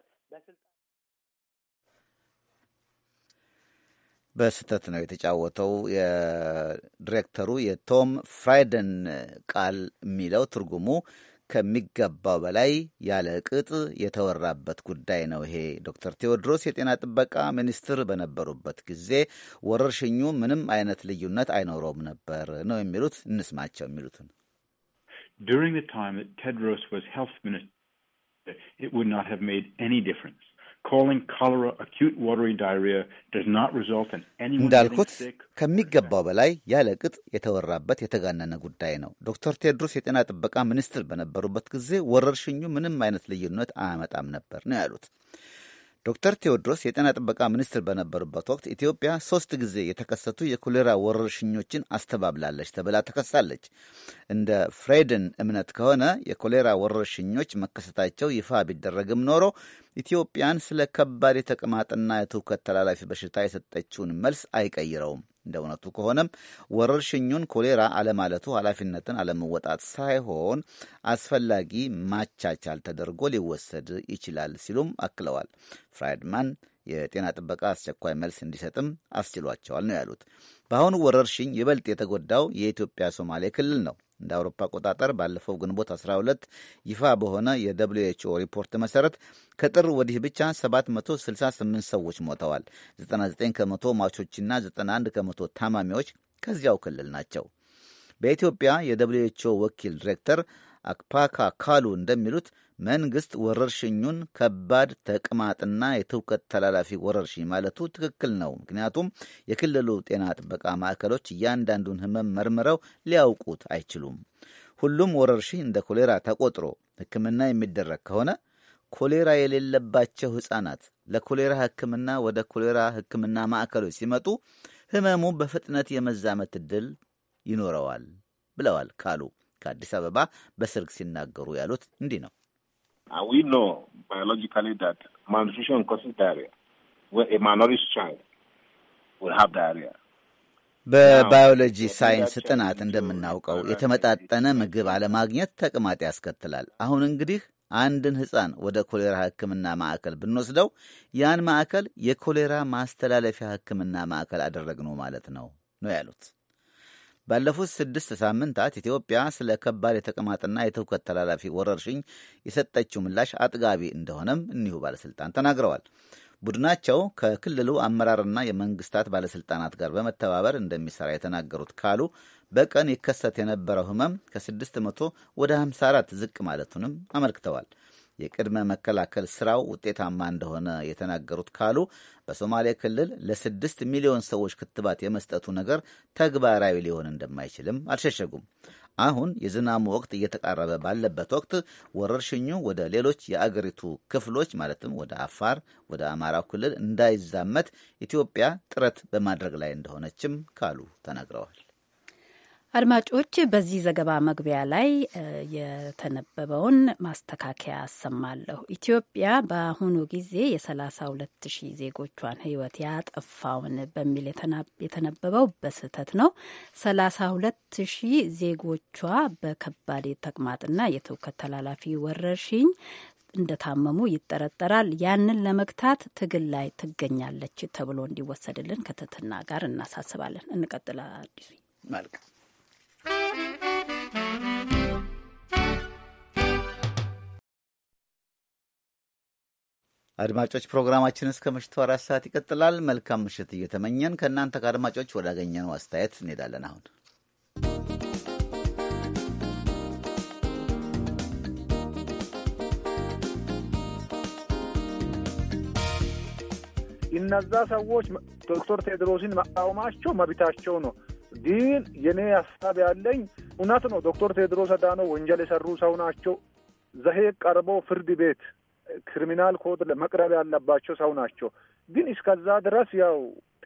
በስህተት ነው የተጫወተው። የዲሬክተሩ የቶም ፍራይደን ቃል የሚለው ትርጉሙ ከሚገባው በላይ ያለ ቅጥ የተወራበት ጉዳይ ነው። ይሄ ዶክተር ቴዎድሮስ የጤና ጥበቃ ሚኒስትር በነበሩበት ጊዜ ወረርሽኙ ምንም አይነት ልዩነት አይኖረውም ነበር ነው የሚሉት። እንስማቸው የሚሉትን during the time that Tedros was health minister, it would not have made any difference. Calling cholera acute watery diarrhea does not result in anyone እንዳልኩት ከሚገባው በላይ ያለ ቅጥ የተወራበት የተጋነነ ጉዳይ ነው። ዶክተር ቴድሮስ የጤና ጥበቃ ሚኒስትር በነበሩበት ጊዜ ወረርሽኙ ምንም አይነት ልዩነት አያመጣም ነበር ነው ያሉት። ዶክተር ቴዎድሮስ የጤና ጥበቃ ሚኒስትር በነበሩበት ወቅት ኢትዮጵያ ሶስት ጊዜ የተከሰቱ የኮሌራ ወረርሽኞችን አስተባብላለች ተብላ ተከሳለች። እንደ ፍሬድን እምነት ከሆነ የኮሌራ ወረርሽኞች መከሰታቸው ይፋ ቢደረግም ኖሮ ኢትዮጵያን ስለ ከባድ የተቅማጥና የትውከት ተላላፊ በሽታ የሰጠችውን መልስ አይቀይረውም። እንደ እውነቱ ከሆነም ወረርሽኙን ኮሌራ አለማለቱ ኃላፊነትን አለመወጣት ሳይሆን አስፈላጊ ማቻቻል ተደርጎ ሊወሰድ ይችላል ሲሉም አክለዋል። ፍራይድማን የጤና ጥበቃ አስቸኳይ መልስ እንዲሰጥም አስችሏቸዋል ነው ያሉት። በአሁኑ ወረርሽኝ ይበልጥ የተጎዳው የኢትዮጵያ ሶማሌ ክልል ነው። እንደ አውሮፓ አቆጣጠር ባለፈው ግንቦት 12 ይፋ በሆነ የደብሊዩ ኤችኦ ሪፖርት መሠረት ከጥር ወዲህ ብቻ 768 ሰዎች ሞተዋል። 99 ከመቶ ሟቾችና 91 ከመቶ ታማሚዎች ከዚያው ክልል ናቸው። በኢትዮጵያ የደብሊዩ ኤችኦ ወኪል ዲሬክተር አክፓካ ካሉ እንደሚሉት መንግስት ወረርሽኙን ከባድ ተቅማጥና የትውከት ተላላፊ ወረርሽኝ ማለቱ ትክክል ነው። ምክንያቱም የክልሉ ጤና ጥበቃ ማዕከሎች እያንዳንዱን ህመም መርምረው ሊያውቁት አይችሉም። ሁሉም ወረርሽኝ እንደ ኮሌራ ተቆጥሮ ሕክምና የሚደረግ ከሆነ ኮሌራ የሌለባቸው ሕፃናት ለኮሌራ ሕክምና ወደ ኮሌራ ሕክምና ማዕከሎች ሲመጡ ህመሙ በፍጥነት የመዛመት እድል ይኖረዋል ብለዋል ካሉ ከአዲስ አበባ በስልክ ሲናገሩ ያሉት እንዲህ ነው። And we know biologically that malnutrition causes diarrhea, where a minority child will have diarrhea. በባዮሎጂ ሳይንስ ጥናት እንደምናውቀው የተመጣጠነ ምግብ አለማግኘት ተቅማጥ ያስከትላል። አሁን እንግዲህ አንድን ሕፃን ወደ ኮሌራ ሕክምና ማዕከል ብንወስደው ያን ማዕከል የኮሌራ ማስተላለፊያ ሕክምና ማዕከል አደረግነው ማለት ነው ነው ያሉት። ባለፉት ስድስት ሳምንታት ኢትዮጵያ ስለ ከባድ የተቅማጥና የትውከት ተላላፊ ወረርሽኝ የሰጠችው ምላሽ አጥጋቢ እንደሆነም እኒሁ ባለስልጣን ተናግረዋል። ቡድናቸው ከክልሉ አመራርና የመንግስታት ባለስልጣናት ጋር በመተባበር እንደሚሰራ የተናገሩት ካሉ በቀን ይከሰት የነበረው ህመም ከ600 ወደ 54 ዝቅ ማለቱንም አመልክተዋል። የቅድመ መከላከል ስራው ውጤታማ እንደሆነ የተናገሩት ካሉ በሶማሌ ክልል ለስድስት ሚሊዮን ሰዎች ክትባት የመስጠቱ ነገር ተግባራዊ ሊሆን እንደማይችልም አልሸሸጉም። አሁን የዝናሙ ወቅት እየተቃረበ ባለበት ወቅት ወረርሽኙ ወደ ሌሎች የአገሪቱ ክፍሎች ማለትም ወደ አፋር፣ ወደ አማራው ክልል እንዳይዛመት ኢትዮጵያ ጥረት በማድረግ ላይ እንደሆነችም ካሉ ተናግረዋል። አድማጮች በዚህ ዘገባ መግቢያ ላይ የተነበበውን ማስተካከያ አሰማለሁ። ኢትዮጵያ በአሁኑ ጊዜ የ32 ሺህ ዜጎቿን ሕይወት ያጠፋውን በሚል የተነበበው በስህተት ነው። 32 ሺህ ዜጎቿ በከባድ ተቅማጥና የትውከት ተላላፊ ወረርሽኝ እንደታመሙ ይጠረጠራል። ያንን ለመግታት ትግል ላይ ትገኛለች ተብሎ እንዲወሰድልን ከትትና ጋር እናሳስባለን። እንቀጥል። አዲሱ መልካም አድማጮች ፕሮግራማችን እስከ ምሽቱ አራት ሰዓት ይቀጥላል። መልካም ምሽት እየተመኘን ከእናንተ ከአድማጮች ወዳገኘነው አስተያየት እንሄዳለን። አሁን እነዛ ሰዎች ዶክተር ቴድሮስን መቃወማቸው መብታቸው ነው። ግን የኔ ሀሳብ ያለኝ እውነት ነው። ዶክተር ቴድሮስ አዳኖ ወንጀል የሰሩ ሰው ናቸው። ዘሄ ቀርቦ ፍርድ ቤት ክሪሚናል ኮድ ለመቅረብ ያለባቸው ሰው ናቸው። ግን እስከዛ ድረስ ያው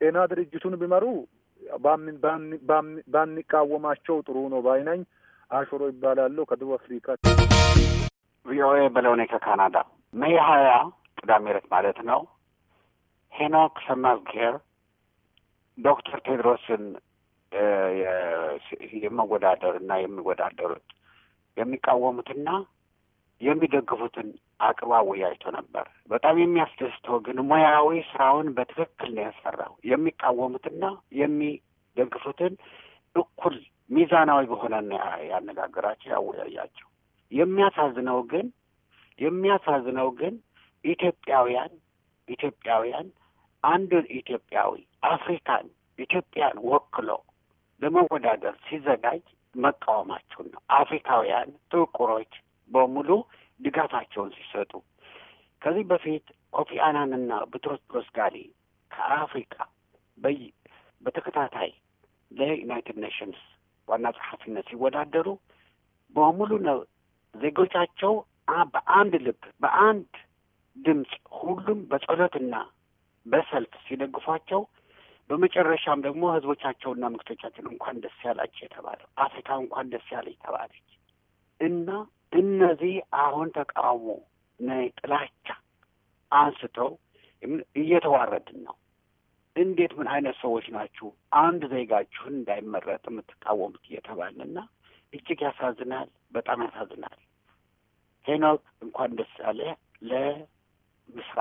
ጤና ድርጅቱን ቢመሩ ባንቃወማቸው ጥሩ ነው ባይነኝ። አሽሮ ይባላለሁ ከደቡብ አፍሪካ ቪኦኤ በለውኔ ከካናዳ ሜይ ሀያ ቅዳሜ ዕለት ማለት ነው ሄኖክ ሰማዝጌር ዶክተር ቴድሮስን የመወዳደር እና የሚወዳደሩት የሚቃወሙትና የሚደግፉትን አቅርባ አወያይቶ ነበር። በጣም የሚያስደስተው ግን ሙያዊ ስራውን በትክክል ነው ያሰራው የሚቃወሙትና የሚደግፉትን እኩል ሚዛናዊ በሆነ ያነጋገራቸው፣ ያወያያቸው። የሚያሳዝነው ግን የሚያሳዝነው ግን ኢትዮጵያውያን ኢትዮጵያውያን አንድ ኢትዮጵያዊ አፍሪካን ኢትዮጵያን ወክሎ ለመወዳደር ሲዘጋጅ መቃወማቸውን ነው። አፍሪካውያን ጥቁሮች በሙሉ ድጋፋቸውን ሲሰጡ ከዚህ በፊት ኮፊ አናንና ቡትሮስ ቡትሮስ ጋሊ ከአፍሪካ በይ በተከታታይ ለዩናይትድ ኔሽንስ ዋና ጸሐፊነት ሲወዳደሩ በሙሉ ነው ዜጎቻቸው በአንድ ልብ በአንድ ድምፅ ሁሉም በጸሎትና በሰልፍ ሲደግፏቸው በመጨረሻም ደግሞ ህዝቦቻቸውና ምክቶቻችን እንኳን ደስ ያላቸው የተባለ አፍሪካ እንኳን ደስ ያለች ተባለች እና እነዚህ አሁን ተቃውሞ ጥላቻ አንስተው እየተዋረድን ነው። እንዴት ምን አይነት ሰዎች ናችሁ? አንድ ዜጋችሁን እንዳይመረጥ የምትቃወሙት እየተባልና እጅግ ያሳዝናል። በጣም ያሳዝናል። ሄኖክ እንኳን ደስ ያለ ለምስራ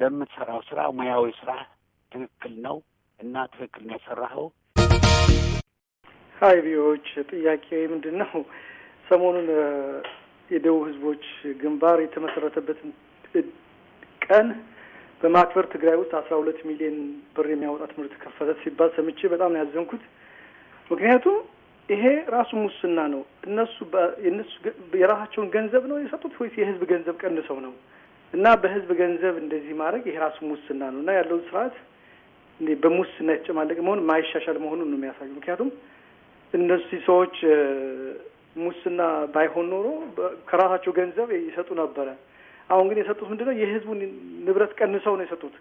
ለምትሰራው ስራ ሙያዊ ስራ ትክክል ነው እና ትክክል ነው የሰራኸው። ሀይ ቪዎች ጥያቄ ምንድን ነው? ሰሞኑን የደቡብ ህዝቦች ግንባር የተመሰረተበትን ቀን በማክበር ትግራይ ውስጥ አስራ ሁለት ሚሊዮን ብር የሚያወጣ ትምህርት ከፈተ ሲባል ሰምቼ በጣም ነው ያዘንኩት። ምክንያቱም ይሄ ራሱ ሙስና ነው። እነሱ የነሱ የራሳቸውን ገንዘብ ነው የሰጡት ወይስ የህዝብ ገንዘብ ቀንሰው ነው? እና በህዝብ ገንዘብ እንደዚህ ማድረግ ይሄ ራሱ ሙስና ነው እና ያለውን ስርዓት በሙስና የተጨማለቀ መሆን ማይሻሻል መሆኑን ነው የሚያሳዩ። ምክንያቱም እነዚህ ሰዎች ሙስና ባይሆን ኖሮ ከራሳቸው ገንዘብ ይሰጡ ነበረ። አሁን ግን የሰጡት ምንድነው? የህዝቡን ንብረት ቀንሰው ነው የሰጡት።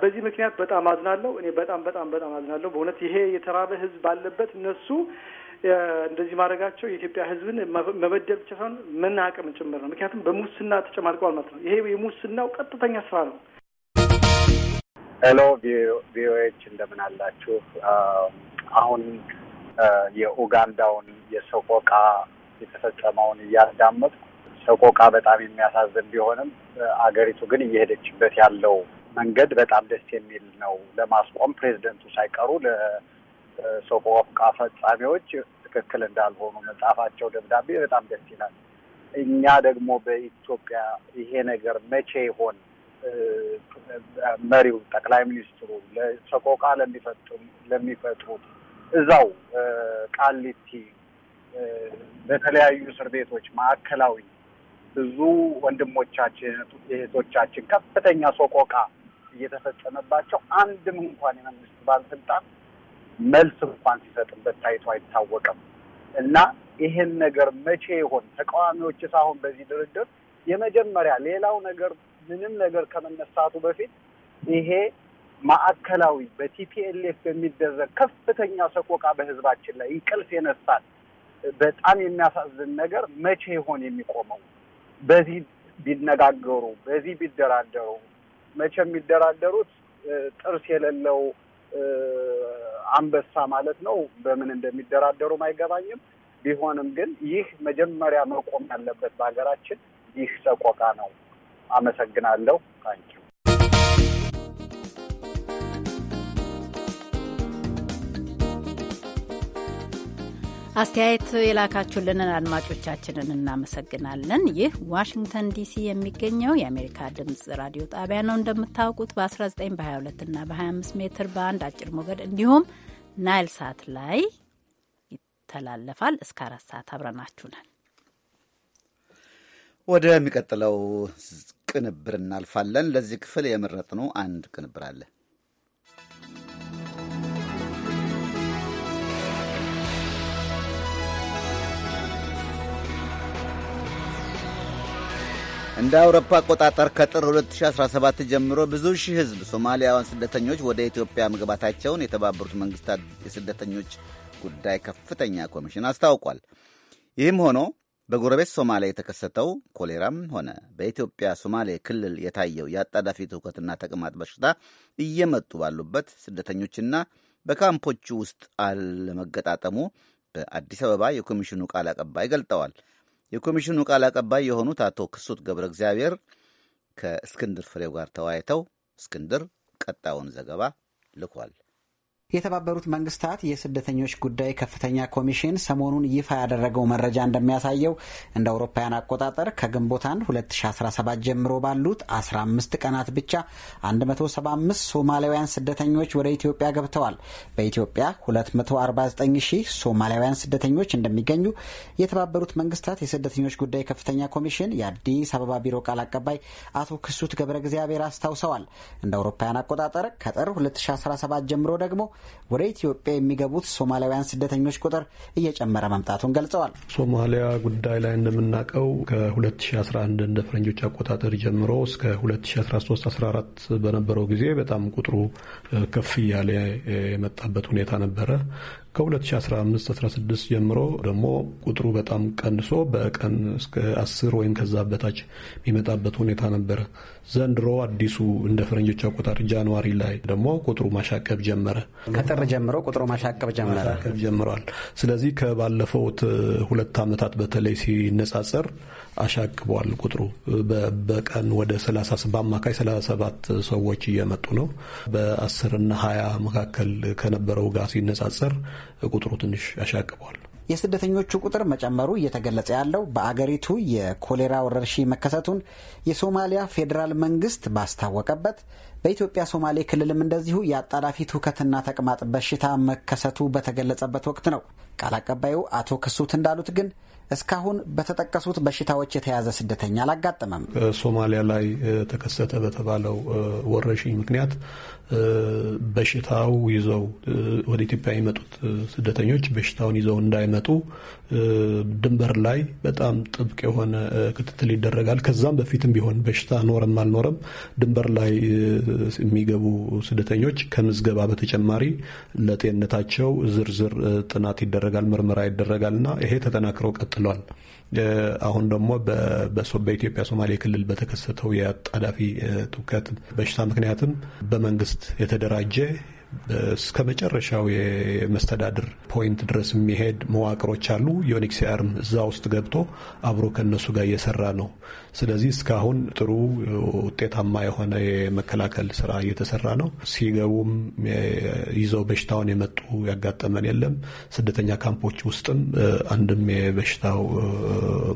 በዚህ ምክንያት በጣም አዝናለሁ። እኔ በጣም በጣም በጣም አዝናለሁ በእውነት ይሄ የተራበ ህዝብ ባለበት እነሱ እንደዚህ ማድረጋቸው የኢትዮጵያ ህዝብን መበደል ብቻ ሳይሆን ምን አቅም ጭምር ነው። ምክንያቱም በሙስና ተጨማልቀዋል ማለት ነው። ይሄ የሙስናው ቀጥተኛ ስራ ነው። ሄሎ ቪኦኤች እንደምን አላችሁ? አሁን የኡጋንዳውን የሰቆቃ የተፈጸመውን እያዳመጥኩ ሰቆቃ በጣም የሚያሳዝን ቢሆንም አገሪቱ ግን እየሄደችበት ያለው መንገድ በጣም ደስ የሚል ነው። ለማስቆም ፕሬዚደንቱ ሳይቀሩ ለሰቆቃ ፈጻሚዎች ትክክል እንዳልሆኑ መጻፋቸው ደብዳቤ በጣም ደስ ይላል። እኛ ደግሞ በኢትዮጵያ ይሄ ነገር መቼ ይሆን መሪው ጠቅላይ ሚኒስትሩ ለሰቆቃ ለሚፈጥሩት እዛው ቃሊቲ በተለያዩ እስር ቤቶች ማዕከላዊ ብዙ ወንድሞቻችን እህቶቻችን ከፍተኛ ሰቆቃ እየተፈጸመባቸው አንድም እንኳን የመንግስት ባለስልጣን መልስ እንኳን ሲሰጥበት ታይቶ አይታወቅም እና ይህን ነገር መቼ ይሆን ተቃዋሚዎችስ አሁን በዚህ ድርድር የመጀመሪያ ሌላው ነገር ምንም ነገር ከመነሳቱ በፊት ይሄ ማዕከላዊ በቲፒኤልኤፍ በሚደረግ ከፍተኛ ሰቆቃ በህዝባችን ላይ እንቅልፍ የነሳል በጣም የሚያሳዝን ነገር መቼ ይሆን የሚቆመው? በዚህ ቢነጋገሩ፣ በዚህ ቢደራደሩ። መቼ የሚደራደሩት ጥርስ የሌለው አንበሳ ማለት ነው። በምን እንደሚደራደሩም አይገባኝም። ቢሆንም ግን ይህ መጀመሪያ መቆም ያለበት በሀገራችን ይህ ሰቆቃ ነው። አመሰግናለሁ። አስተያየት የላካችሁልንን አድማጮቻችንን እናመሰግናለን። ይህ ዋሽንግተን ዲሲ የሚገኘው የአሜሪካ ድምጽ ራዲዮ ጣቢያ ነው። እንደምታውቁት በ19 በ22 እና በ25 ሜትር በአንድ አጭር ሞገድ እንዲሁም ናይል ሳት ላይ ይተላለፋል። እስከ አራት ሰዓት አብረናችሁ ነን። ወደሚቀጥለው ቅንብር እናልፋለን። ለዚህ ክፍል የመረጥነው አንድ ቅንብር አለ። እንደ አውሮፓ አቆጣጠር ከጥር 2017 ጀምሮ ብዙ ሺህ ሕዝብ ሶማሊያውያን ስደተኞች ወደ ኢትዮጵያ መግባታቸውን የተባበሩት መንግስታት የስደተኞች ጉዳይ ከፍተኛ ኮሚሽን አስታውቋል። ይህም ሆኖ በጎረቤት ሶማሌ የተከሰተው ኮሌራም ሆነ በኢትዮጵያ ሶማሌ ክልል የታየው የአጣዳፊ ትውከትና ተቅማጥ በሽታ እየመጡ ባሉበት ስደተኞችና በካምፖቹ ውስጥ አለመገጣጠሙ በአዲስ አበባ የኮሚሽኑ ቃል አቀባይ ገልጠዋል። የኮሚሽኑ ቃል አቀባይ የሆኑት አቶ ክሱት ገብረ እግዚአብሔር ከእስክንድር ፍሬው ጋር ተወያይተው እስክንድር ቀጣዩን ዘገባ ልኳል። የተባበሩት መንግስታት የስደተኞች ጉዳይ ከፍተኛ ኮሚሽን ሰሞኑን ይፋ ያደረገው መረጃ እንደሚያሳየው እንደ አውሮፓውያን አቆጣጠር ከግንቦት 1 2017 ጀምሮ ባሉት 15 ቀናት ብቻ 175 ሶማሊያውያን ስደተኞች ወደ ኢትዮጵያ ገብተዋል። በኢትዮጵያ 2ቶ49ሺህ ሶማሊያውያን ስደተኞች እንደሚገኙ የተባበሩት መንግስታት የስደተኞች ጉዳይ ከፍተኛ ኮሚሽን የአዲስ አበባ ቢሮ ቃል አቀባይ አቶ ክሱት ገብረ እግዚአብሔር አስታውሰዋል። እንደ አውሮፓውያን አቆጣጠር ከጥር 2017 ጀምሮ ደግሞ ወደ ኢትዮጵያ የሚገቡት ሶማሊያውያን ስደተኞች ቁጥር እየጨመረ መምጣቱን ገልጸዋል። ሶማሊያ ጉዳይ ላይ እንደምናውቀው ከ2011 እንደ ፈረንጆች አቆጣጠር ጀምሮ እስከ 2013/14 በነበረው ጊዜ በጣም ቁጥሩ ከፍ እያለ የመጣበት ሁኔታ ነበረ። ከ2015-16 ጀምሮ ደግሞ ቁጥሩ በጣም ቀንሶ በቀን እስከ አስር ወይም ከዛ በታች የሚመጣበት ሁኔታ ነበረ። ዘንድሮ አዲሱ እንደ ፈረንጆች አቆጣጠር ጃንዋሪ ላይ ደግሞ ቁጥሩ ማሻቀብ ጀመረ። ከጥር ጀምሮ ቁጥሩ ማሻቀብ ጀመረ ጀምሯል። ስለዚህ ከባለፈው ሁለት ዓመታት በተለይ ሲነጻጸር አሻቅቧል። ቁጥሩ በቀን ወደ በአማካይ 37 ሰዎች እየመጡ ነው። በ10 እና 20 መካከል ከነበረው ጋር ሲነጻጸር ቁጥሩ ትንሽ ያሻቅበዋል። የስደተኞቹ ቁጥር መጨመሩ እየተገለጸ ያለው በአገሪቱ የኮሌራ ወረርሽኝ መከሰቱን የሶማሊያ ፌዴራል መንግስት ባስታወቀበት በኢትዮጵያ ሶማሌ ክልልም እንደዚሁ የአጣዳፊ ትውከትና ተቅማጥ በሽታ መከሰቱ በተገለጸበት ወቅት ነው። ቃል አቀባዩ አቶ ክሱት እንዳሉት ግን እስካሁን በተጠቀሱት በሽታዎች የተያዘ ስደተኛ አላጋጠመም። ሶማሊያ ላይ ተከሰተ በተባለው ወረርሽኝ ምክንያት በሽታው ይዘው ወደ ኢትዮጵያ የመጡት ስደተኞች በሽታውን ይዘው እንዳይመጡ ድንበር ላይ በጣም ጥብቅ የሆነ ክትትል ይደረጋል። ከዛም በፊትም ቢሆን በሽታ ኖረም አልኖረም ድንበር ላይ የሚገቡ ስደተኞች ከምዝገባ በተጨማሪ ለጤንነታቸው ዝርዝር ጥናት ይደረጋል፣ ምርመራ ይደረጋል እና ይሄ ተጠናክረው ቀጥሏል። አሁን ደግሞ በኢትዮጵያ ሶማሌ ክልል በተከሰተው የአጣዳፊ ትውከት በሽታ ምክንያትም በመንግስት የተደራጀ እስከ መጨረሻው የመስተዳድር ፖይንት ድረስ የሚሄድ መዋቅሮች አሉ። አርም እዛ ውስጥ ገብቶ አብሮ ከነሱ ጋር እየሰራ ነው። ስለዚህ እስካሁን ጥሩ ውጤታማ የሆነ የመከላከል ስራ እየተሰራ ነው። ሲገቡም ይዘው በሽታውን የመጡ ያጋጠመን የለም። ስደተኛ ካምፖች ውስጥም አንድም የበሽታው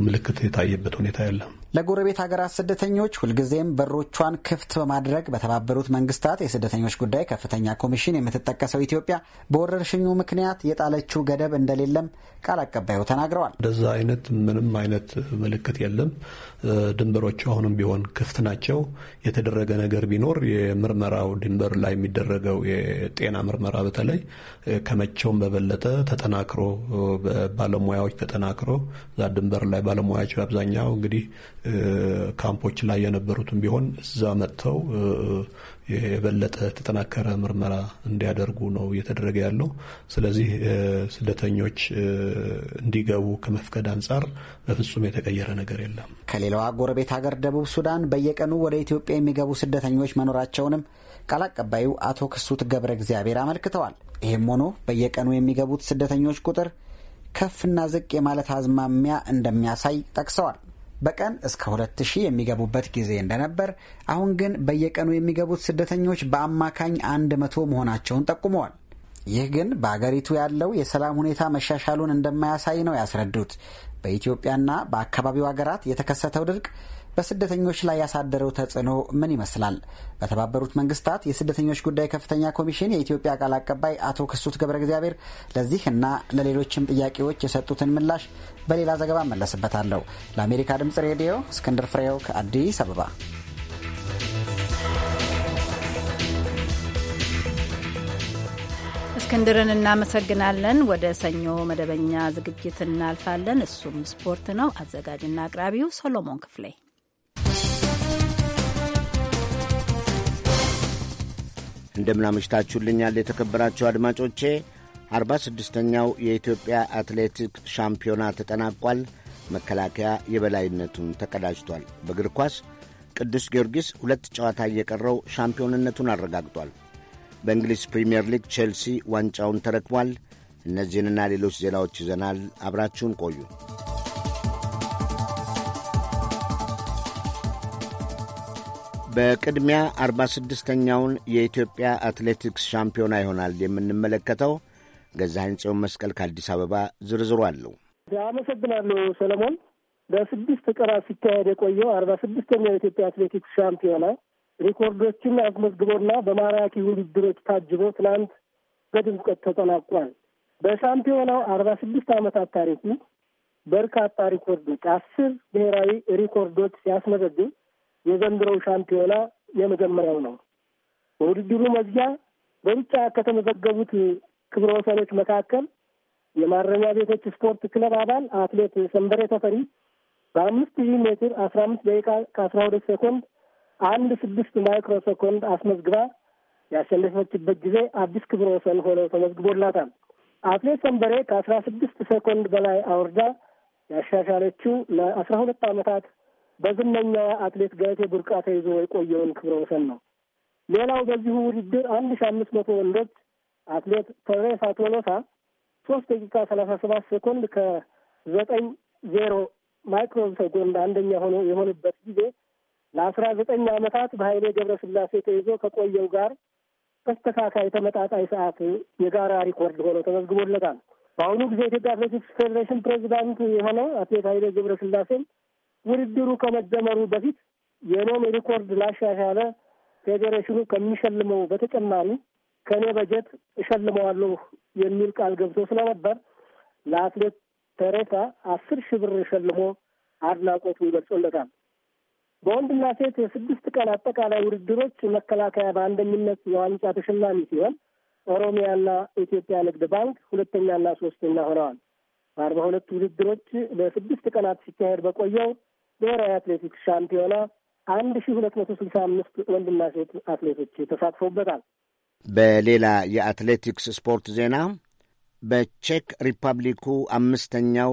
ምልክት የታየበት ሁኔታ የለም። ለጎረቤት ሀገራት ስደተኞች ሁልጊዜም በሮቿን ክፍት በማድረግ በተባበሩት መንግስታት የስደተኞች ጉዳይ ከፍተኛ ኮሚሽን የምትጠቀሰው ኢትዮጵያ በወረርሽኙ ምክንያት የጣለችው ገደብ እንደሌለም ቃል አቀባዩ ተናግረዋል። እንደዛ አይነት ምንም አይነት ምልክት የለም። ድንበሮች አሁንም ቢሆን ክፍት ናቸው። የተደረገ ነገር ቢኖር የምርመራው ድንበር ላይ የሚደረገው የጤና ምርመራ በተለይ ከመቼውም በበለጠ ተጠናክሮ ባለሙያዎች ተጠናክሮ እዛ ድንበር ላይ ባለሙያዎች በአብዛኛው እንግዲህ ካምፖች ላይ የነበሩትም ቢሆን እዛ መጥተው የበለጠ የተጠናከረ ምርመራ እንዲያደርጉ ነው እየተደረገ ያለው። ስለዚህ ስደተኞች እንዲገቡ ከመፍቀድ አንጻር በፍጹም የተቀየረ ነገር የለም። ከሌላዋ ጎረቤት ሀገር ደቡብ ሱዳን በየቀኑ ወደ ኢትዮጵያ የሚገቡ ስደተኞች መኖራቸውንም ቃል አቀባዩ አቶ ክሱት ገብረ እግዚአብሔር አመልክተዋል። ይህም ሆኖ በየቀኑ የሚገቡት ስደተኞች ቁጥር ከፍና ዝቅ የማለት አዝማሚያ እንደሚያሳይ ጠቅሰዋል። በቀን እስከ ሺህ የሚገቡበት ጊዜ እንደነበር፣ አሁን ግን በየቀኑ የሚገቡት ስደተኞች በአማካኝ 100 መሆናቸውን ጠቁመዋል። ይህ ግን በአገሪቱ ያለው የሰላም ሁኔታ መሻሻሉን እንደማያሳይ ነው ያስረዱት። በኢትዮጵያና በአካባቢው ሀገራት የተከሰተው ድርቅ በስደተኞች ላይ ያሳደረው ተጽዕኖ ምን ይመስላል? በተባበሩት መንግስታት የስደተኞች ጉዳይ ከፍተኛ ኮሚሽን የኢትዮጵያ ቃል አቀባይ አቶ ክሱት ገብረ እግዚአብሔር ለዚህ እና ለሌሎችም ጥያቄዎች የሰጡትን ምላሽ በሌላ ዘገባ እመለስበታለሁ። ለአሜሪካ ድምጽ ሬዲዮ እስክንድር ፍሬው ከአዲስ አበባ። እስክንድርን እናመሰግናለን። ወደ ሰኞ መደበኛ ዝግጅት እናልፋለን። እሱም ስፖርት ነው። አዘጋጅና አቅራቢው ሰሎሞን ክፍሌ እንደምናመሽታችሁልኛል የተከበራችሁ አድማጮቼ። አርባ ስድስተኛው የኢትዮጵያ አትሌቲክ ሻምፒዮና ተጠናቋል። መከላከያ የበላይነቱን ተቀዳጅቷል። በእግር ኳስ ቅዱስ ጊዮርጊስ ሁለት ጨዋታ እየቀረው ሻምፒዮንነቱን አረጋግጧል። በእንግሊዝ ፕሪምየር ሊግ ቼልሲ ዋንጫውን ተረክቧል። እነዚህንና ሌሎች ዜናዎች ይዘናል። አብራችሁን ቆዩ። በቅድሚያ 46ኛውን የኢትዮጵያ አትሌቲክስ ሻምፒዮና ይሆናል የምንመለከተው። ገዛኸኝ ጽዮን መስቀል ከአዲስ አበባ ዝርዝሩ አለው። አመሰግናለሁ ሰለሞን። በስድስት ቀናት ሲካሄድ የቆየው አርባ ስድስተኛው የኢትዮጵያ አትሌቲክስ ሻምፒዮና ሪኮርዶችን አስመዝግቦና በማራኪ ውድድሮች ታጅቦ ትናንት በድምቀት ተጠናቋል። በሻምፒዮናው አርባ ስድስት ዓመታት ታሪኩ በርካታ ሪኮርዶች አስር ብሔራዊ ሪኮርዶች ሲያስመዘግብ የዘንድሮው ሻምፒዮና የመጀመሪያው ነው። በውድድሩ መዝጊያ በሩጫ ከተመዘገቡት ክብረ ወሰኖች መካከል የማረሚያ ቤቶች ስፖርት ክለብ አባል አትሌት ሰንበሬ ተፈሪ በአምስት ሺህ ሜትር አስራ አምስት ደቂቃ ከአስራ ሁለት ሴኮንድ አንድ ስድስት ማይክሮ ሴኮንድ አስመዝግባ ያሸነፈችበት ጊዜ አዲስ ክብረ ወሰን ሆኖ ተመዝግቦላታል። አትሌት ሰንበሬ ከአስራ ስድስት ሴኮንድ በላይ አውርዳ ያሻሻለችው ለአስራ ሁለት ዓመታት በዝነኛ አትሌት ገለቴ ቡርቃ ተይዞ የቆየውን ክብረ ወሰን ነው። ሌላው በዚሁ ውድድር አንድ ሺ አምስት መቶ ወንዶች አትሌት ፈሬሳ ቶሎሳ ሶስት ደቂቃ ሰላሳ ሰባት ሴኮንድ ከዘጠኝ ዜሮ ማይክሮ ሴኮንድ አንደኛ ሆኖ የሆነበት ጊዜ ለአስራ ዘጠኝ ዓመታት በኃይሌ ገብረስላሴ ተይዞ ከቆየው ጋር ተስተካካይ ተመጣጣይ ሰዓት የጋራ ሪኮርድ ሆኖ ተመዝግቦለታል። በአሁኑ ጊዜ የኢትዮጵያ አትሌቲክስ ፌዴሬሽን ፕሬዚዳንት የሆነው አትሌት ኃይሌ ገብረስላሴም ውድድሩ ከመጀመሩ በፊት የእኔን ሪኮርድ ላሻሻለ ፌዴሬሽኑ ከሚሸልመው በተጨማሪ ከእኔ በጀት እሸልመዋለሁ የሚል ቃል ገብቶ ስለነበር ለአትሌት ተሬሳ አስር ሺህ ብር ሸልሞ አድናቆቱ ይገልጾለታል። በወንድና ሴት የስድስት ቀን አጠቃላይ ውድድሮች መከላከያ በአንደኝነት የዋንጫ ተሸላሚ ሲሆን ኦሮሚያና ኢትዮጵያ ንግድ ባንክ ሁለተኛና ሶስተኛ ሆነዋል። በአርባ ሁለት ውድድሮች ለስድስት ቀናት ሲካሄድ በቆየው ብሔራዊ አትሌቲክስ ሻምፒዮና አንድ ሺ ሁለት መቶ ስልሳ አምስት ወንድና ሴት አትሌቶች ተሳትፎበታል። በሌላ የአትሌቲክስ ስፖርት ዜና በቼክ ሪፐብሊኩ አምስተኛው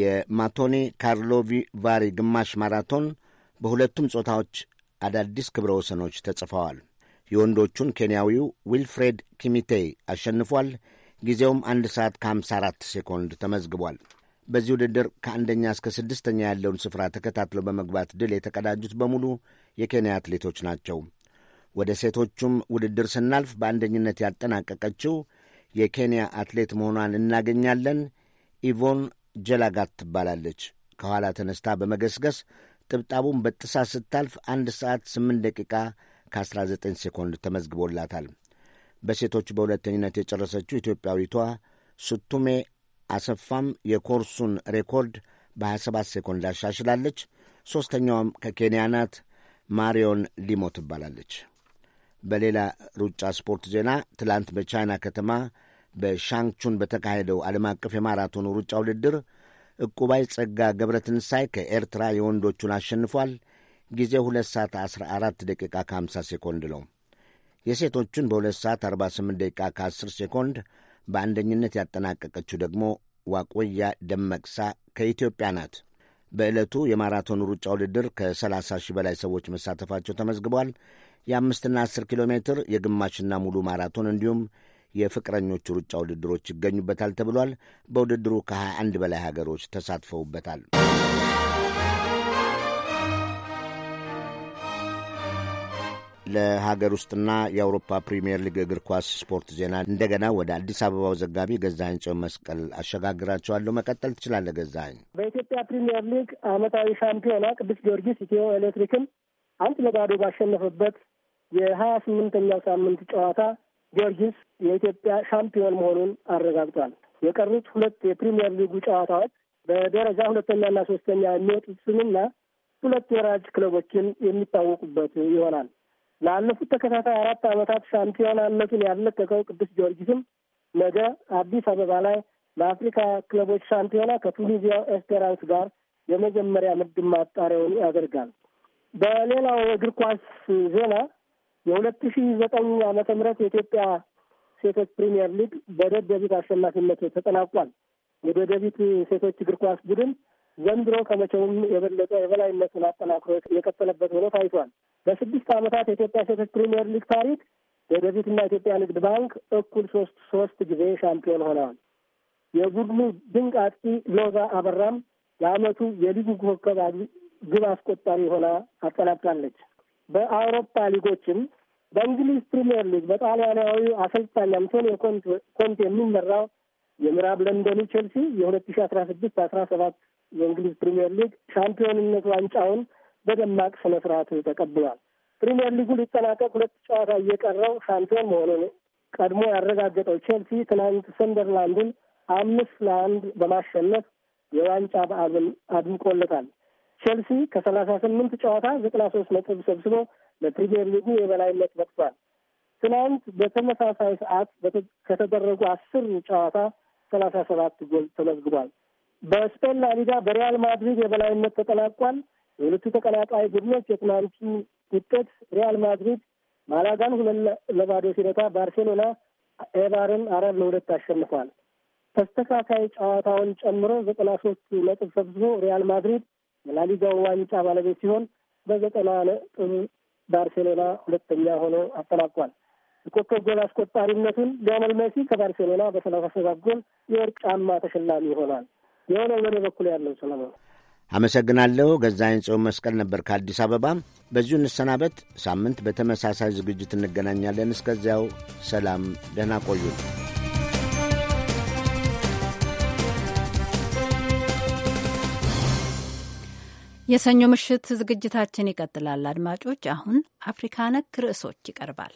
የማቶኒ ካርሎቪ ቫሪ ግማሽ ማራቶን በሁለቱም ጾታዎች አዳዲስ ክብረ ወሰኖች ተጽፈዋል። የወንዶቹን ኬንያዊው ዊልፍሬድ ኪሚቴ አሸንፏል። ጊዜውም አንድ ሰዓት ከ54 ሴኮንድ ተመዝግቧል። በዚህ ውድድር ከአንደኛ እስከ ስድስተኛ ያለውን ስፍራ ተከታትለው በመግባት ድል የተቀዳጁት በሙሉ የኬንያ አትሌቶች ናቸው። ወደ ሴቶቹም ውድድር ስናልፍ በአንደኝነት ያጠናቀቀችው የኬንያ አትሌት መሆኗን እናገኛለን። ኢቮን ጀላጋት ትባላለች። ከኋላ ተነስታ በመገስገስ ጥብጣቡን በጥሳ ስታልፍ አንድ ሰዓት 8 ደቂቃ ከ19 ሴኮንድ ተመዝግቦላታል። በሴቶች በሁለተኝነት የጨረሰችው ኢትዮጵያዊቷ ሱቱሜ አሰፋም የኮርሱን ሬኮርድ በ27 ሴኮንድ አሻሽላለች። ሦስተኛዋም ከኬንያ ናት፣ ማሪዮን ሊሞ ትባላለች። በሌላ ሩጫ ስፖርት ዜና ትላንት በቻይና ከተማ በሻንግቹን በተካሄደው ዓለም አቀፍ የማራቶን ሩጫ ውድድር ዕቁባይ ጸጋ ሳይ ከኤርትራ የወንዶቹን አሸንፏል። ጊዜ 2 ሰዓት 14 ደቂቃ ከ50 ሴኮንድ ነው። የሴቶቹን በ2 ሰዓት 48 ደቂቃ ከ10 ሴኮንድ በአንደኝነት ያጠናቀቀችው ደግሞ ዋቆያ ደመቅሳ ከኢትዮጵያ ናት። በዕለቱ የማራቶን ሩጫ ውድድር ከ30 ሺህ በላይ ሰዎች መሳተፋቸው ተመዝግቧል። የአምስትና አስር ኪሎ ሜትር የግማሽና ሙሉ ማራቶን እንዲሁም የፍቅረኞች ሩጫ ውድድሮች ይገኙበታል ተብሏል። በውድድሩ ከ21 በላይ ሀገሮች ተሳትፈውበታል። ለሀገር ውስጥና የአውሮፓ ፕሪምየር ሊግ እግር ኳስ ስፖርት ዜና እንደገና ወደ አዲስ አበባው ዘጋቢ ገዛኝ ጽዮን መስቀል አሸጋግራቸዋለሁ። መቀጠል ትችላለህ ገዛኝ በኢትዮጵያ ፕሪምየር ሊግ ዓመታዊ ሻምፒዮና ቅዱስ ጊዮርጊስ ኢትዮ ኤሌክትሪክን አንድ ለባዶ ባሸነፈበት የሀያ ስምንተኛው ሳምንት ጨዋታ ጊዮርጊስ የኢትዮጵያ ሻምፒዮን መሆኑን አረጋግጧል። የቀሩት ሁለት የፕሪምየር ሊጉ ጨዋታዎች በደረጃ ሁለተኛና ሶስተኛ የሚወጡትንና ሁለት ወራጅ ክለቦችን የሚታወቁበት ይሆናል። ላለፉት ተከታታይ አራት ዓመታት ሻምፒዮናነቱን ያለቀቀው ቅዱስ ጊዮርጊስም ነገ አዲስ አበባ ላይ ለአፍሪካ ክለቦች ሻምፒዮና ከቱኒዚያ ኤስፔራንስ ጋር የመጀመሪያ ምድብ ማጣሪያውን ያደርጋል። በሌላው እግር ኳስ ዜና የሁለት ሺ ዘጠኝ ዓመተ ምህረት የኢትዮጵያ ሴቶች ፕሪሚየር ሊግ በደደቢት አሸናፊነት ተጠናቋል። የደደቢት ሴቶች እግር ኳስ ቡድን ዘንድሮ ከመቼውም የበለጠ የበላይነቱን አጠናክሮ የቀጠለበት ሆኖ ታይቷል። በስድስት ዓመታት የኢትዮጵያ ሴቶች ፕሪምየር ሊግ ታሪክ ደደቢትና ኢትዮጵያ ንግድ ባንክ እኩል ሶስት ሶስት ጊዜ ሻምፒዮን ሆነዋል። የቡድኑ ድንቅ አጥቂ ሎዛ አበራም የዓመቱ የሊጉ ኮከብ ግብ አስቆጣሪ ሆና አጠናቅቃለች። በአውሮፓ ሊጎችም በእንግሊዝ ፕሪምየር ሊግ በጣሊያናዊ አሰልጣኝ አንቶኒዮ ኮንቴ የሚመራው የምዕራብ ለንደኑ ቼልሲ የሁለት ሺ አስራ ስድስት አስራ ሰባት የእንግሊዝ ፕሪምየር ሊግ ሻምፒዮንነት ዋንጫውን በደማቅ ስነ ስርዓት ተቀብሏል። ፕሪምየር ሊጉ ሊጠናቀቅ ሁለት ጨዋታ እየቀረው ሻምፒዮን መሆኑን ቀድሞ ያረጋገጠው ቼልሲ ትናንት ሰንደርላንድን አምስት ለአንድ በማሸነፍ የዋንጫ በዓልን አድምቆለታል። ቼልሲ ከሰላሳ ስምንት ጨዋታ ዘጠና ሶስት ነጥብ ሰብስቦ ለፕሪምየር ሊጉ የበላይነት በቅቷል። ትናንት በተመሳሳይ ሰዓት ከተደረጉ አስር ጨዋታ ሰላሳ ሰባት ጎል ተመዝግቧል። በስፔን ላሊጋ በሪያል ማድሪድ የበላይነት ተጠናቋል። የሁለቱ ተቀናቃይ ቡድኖች የትናንቱ ውጤት ሪያል ማድሪድ ማላጋን ሁለት ለባዶ ሲረታ፣ ባርሴሎና ኤባርን አራት ለሁለት አሸንፏል። ተስተካካይ ጨዋታውን ጨምሮ ዘጠና ሶስት ነጥብ ሰብስቦ ሪያል ማድሪድ የላሊጋው ዋንጫ ባለቤት ሲሆን በዘጠና ነጥብ ባርሴሎና ሁለተኛ ሆኖ አጠናቋል። የኮከብ ጎል አስቆጣሪነቱን ሊዮኔል ሜሲ ከባርሴሎና በሰላሳ ሰባት ጎል የወርቅ ጫማ ተሸላሚ ይሆናል። የሆነው በእኔ በኩል ያለው ሰለሞን። አመሰግናለሁ። ገዛኸኝ ጽዮን መስቀል ነበር ከአዲስ አበባ። በዚሁ እንሰናበት። ሳምንት በተመሳሳይ ዝግጅት እንገናኛለን። እስከዚያው ሰላም፣ ደህና ቆዩ። የሰኞ ምሽት ዝግጅታችን ይቀጥላል። አድማጮች፣ አሁን አፍሪካ ነክ ርዕሶች ይቀርባል።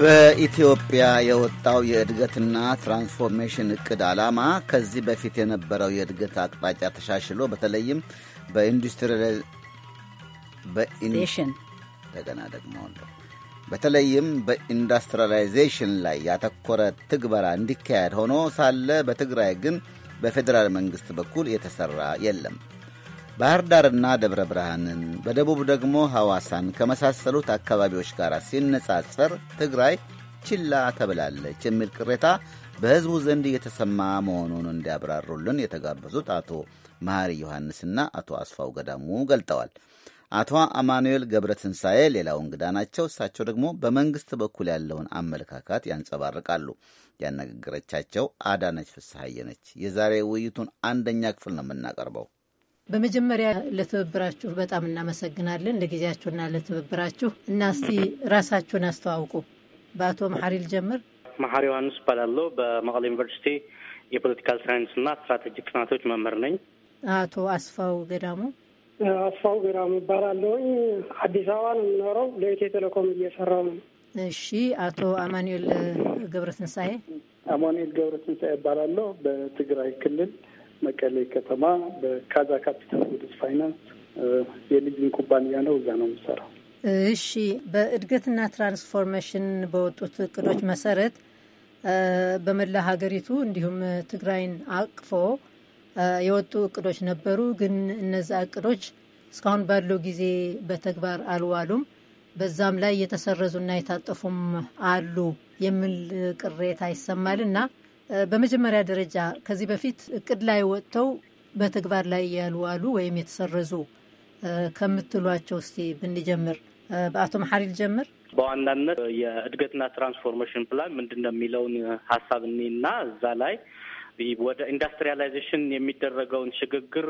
በኢትዮጵያ የወጣው የእድገትና ትራንስፎርሜሽን እቅድ ዓላማ ከዚህ በፊት የነበረው የእድገት አቅጣጫ ተሻሽሎ በተለይም በኢንዱስትሪላይዜሽን እንደገና ደግሞ በተለይም በኢንዱስትሪላይዜሽን ላይ ያተኮረ ትግበራ እንዲካሄድ ሆኖ ሳለ በትግራይ ግን በፌዴራል መንግስት በኩል የተሰራ የለም። ባህር ዳርና ደብረ ብርሃንን በደቡብ ደግሞ ሐዋሳን ከመሳሰሉት አካባቢዎች ጋር ሲነጻጸር ትግራይ ችላ ተብላለች የሚል ቅሬታ በሕዝቡ ዘንድ እየተሰማ መሆኑን እንዲያብራሩልን የተጋበዙት አቶ መሐሪ ዮሐንስና አቶ አስፋው ገዳሙ ገልጠዋል። አቶ አማኑኤል ገብረ ትንሣኤ ሌላው እንግዳ ናቸው። እሳቸው ደግሞ በመንግሥት በኩል ያለውን አመለካከት ያንጸባርቃሉ። ያነጋገረቻቸው አዳነች ፍስሐዬ ነች። የዛሬ ውይይቱን አንደኛ ክፍል ነው የምናቀርበው። በመጀመሪያ ለትብብራችሁ በጣም እናመሰግናለን፣ ለጊዜያችሁና ለትብብራችሁ እና እስቲ ራሳችሁን አስተዋውቁ። በአቶ መሐሪ ልጀምር። መሐሪ ዮሐንስ እባላለሁ። በመቀሌ ዩኒቨርሲቲ የፖለቲካል ሳይንስ እና ስትራቴጂክ ጥናቶች መምህር ነኝ። አቶ አስፋው ገዳሙ አስፋው ገዳሙ እባላለሁኝ። አዲስ አበባ ነው የምኖረው። ለኢትዮ ቴሌኮም እየሰራው ነው። እሺ። አቶ አማኑኤል ገብረ ትንሳኤ አማኑኤል ገብረ ትንሳኤ እባላለሁ። በትግራይ ክልል መቀሌ ከተማ በካዛ ካፒታል ጉድስ ፋይናንስ የልጅን ኩባንያ ነው። እዛ ነው የምሰራው። እሺ፣ በእድገትና ትራንስፎርሜሽን በወጡት እቅዶች መሰረት በመላ ሀገሪቱ እንዲሁም ትግራይን አቅፎ የወጡ እቅዶች ነበሩ። ግን እነዚ እቅዶች እስካሁን ባለው ጊዜ በተግባር አልዋሉም። በዛም ላይ የተሰረዙና የታጠፉም አሉ የሚል ቅሬታ ይሰማል እና በመጀመሪያ ደረጃ ከዚህ በፊት እቅድ ላይ ወጥተው በተግባር ላይ ያልዋሉ ወይም የተሰረዙ ከምትሏቸው እስቲ ብንጀምር፣ በአቶ መሐሪ ልጀምር። በዋናነት የእድገትና ትራንስፎርሜሽን ፕላን ምንድን ነው የሚለውን ሀሳብ እኔና እዛ ላይ ወደ ኢንዱስትሪያላይዜሽን የሚደረገውን ሽግግር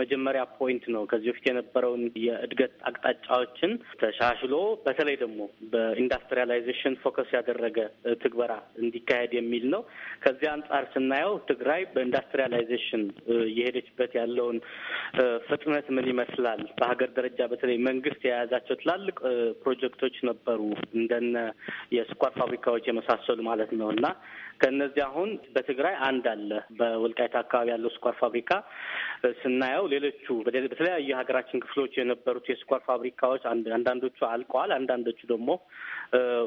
መጀመሪያ ፖይንት ነው። ከዚህ በፊት የነበረውን የእድገት አቅጣጫዎችን ተሻሽሎ በተለይ ደግሞ በኢንዱስትሪያላይዜሽን ፎከስ ያደረገ ትግበራ እንዲካሄድ የሚል ነው። ከዚህ አንጻር ስናየው ትግራይ በኢንዱስትሪያላይዜሽን እየሄደችበት ያለውን ፍጥነት ምን ይመስላል? በሀገር ደረጃ በተለይ መንግስት የያዛቸው ትላልቅ ፕሮጀክቶች ነበሩ እንደነ የስኳር ፋብሪካዎች የመሳሰሉ ማለት ነው እና ከእነዚህ አሁን በትግራይ አንድ አለ አለ። በወልቃይት አካባቢ ያለው ስኳር ፋብሪካ ስናየው ሌሎቹ በተለያዩ የሀገራችን ክፍሎች የነበሩት የስኳር ፋብሪካዎች አንዳንዶቹ አልቀዋል፣ አንዳንዶቹ ደግሞ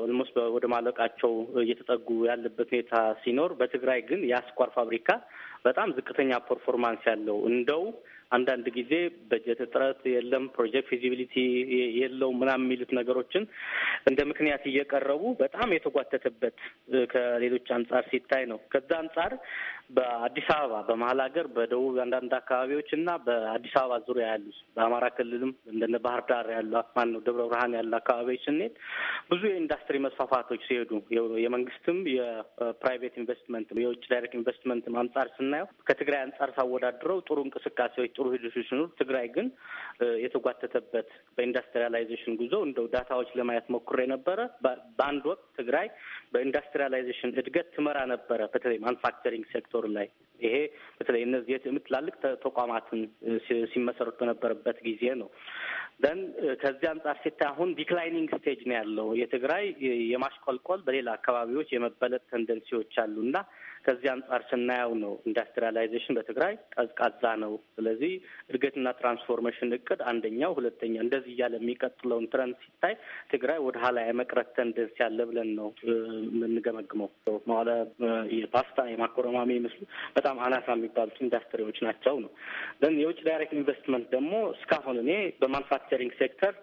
ኦልሞስት ወደ ማለቃቸው እየተጠጉ ያለበት ሁኔታ ሲኖር፣ በትግራይ ግን ያ ስኳር ፋብሪካ በጣም ዝቅተኛ ፐርፎርማንስ ያለው እንደው አንዳንድ ጊዜ በጀት እጥረት የለም፣ ፕሮጀክት ፊዚቢሊቲ የለውም ምናምን የሚሉት ነገሮችን እንደ ምክንያት እየቀረቡ በጣም የተጓተተበት ከሌሎች አንጻር ሲታይ ነው። ከዛ አንጻር በአዲስ አበባ በመሀል ሀገር፣ በደቡብ አንዳንድ አካባቢዎች እና በአዲስ አበባ ዙሪያ ያሉ በአማራ ክልልም እንደነ ባህር ዳር ያሉ ነው ደብረ ብርሃን ያሉ አካባቢዎች ስንሄድ ብዙ የኢንዱስትሪ መስፋፋቶች ሲሄዱ የመንግስትም የፕራይቬት ኢንቨስትመንት የውጭ ዳይሬክት ኢንቨስትመንት አንጻር ስናየው ከትግራይ አንጻር ሳወዳድረው ጥሩ እንቅስቃሴዎች ጥሩ ሂደቱ ሲኖሩ፣ ትግራይ ግን የተጓተተበት በኢንዱስትሪያላይዜሽን ጉዞ እንደው ዳታዎች ለማየት ሞክሮ የነበረ በአንድ ወቅት ትግራይ በኢንዱስትሪያላይዜሽን እድገት ትመራ ነበረ። በተለይ ማኑፋክቸሪንግ ሴክተር ላይ ይሄ በተለይ እነዚህ የትም ትላልቅ ተቋማትን ሲመሰሩት በነበረበት ጊዜ ነው። ደን uh, ከዚህ አንጻር ሲታይ አሁን ዲክላይኒንግ ስቴጅ ነው ያለው የትግራይ የማሽቆልቆል በሌላ አካባቢዎች የመበለጥ ተንደንሲዎች አሉ እና ከዚህ አንጻር ስናየው ነው ኢንዱስትሪያላይዜሽን በትግራይ ቀዝቃዛ ነው። ስለዚህ እድገትና ትራንስፎርሜሽን እቅድ አንደኛው፣ ሁለተኛ እንደዚህ እያለ የሚቀጥለውን ትረንድ ሲታይ ትግራይ ወደ ኋላ የመቅረት ተንደንስ ያለ ብለን ነው የምንገመግመው። መዋለ የፓስታ የማኮረማሚ ምስሉ በጣም አናሳ የሚባሉት ኢንዱስትሪዎች ናቸው ነው። የውጭ ዳይሬክት ኢንቨስትመንት ደግሞ እስካሁን እኔ በማንፋት ማኑፋክቸሪንግ ሴክተር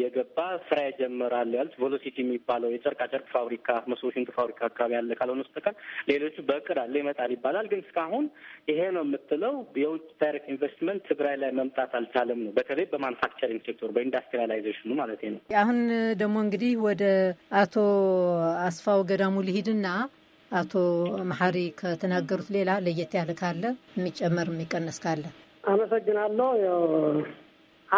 የገባ ስራ ይጀምራል ያሉት ቬሎሲቲ የሚባለው የጨርቃጨርቅ ፋብሪካ መስቦሽንቱ ፋብሪካ አካባቢ ያለ ካልሆነ በስተቀር ሌሎቹ በእቅድ አለ ይመጣል ይባላል። ግን እስካሁን ይሄ ነው የምትለው የውጭ ዳይሬክት ኢንቨስትመንት ትግራይ ላይ መምጣት አልቻለም ነው። በተለይ በማኑፋክቸሪንግ ሴክተሩ በኢንዱስትሪያላይዜሽኑ ማለት ነው። አሁን ደግሞ እንግዲህ ወደ አቶ አስፋው ገዳሙ ልሂድና አቶ መሐሪ ከተናገሩት ሌላ ለየት ያለ ካለ የሚጨመር የሚቀነስ ካለ አመሰግናለሁ።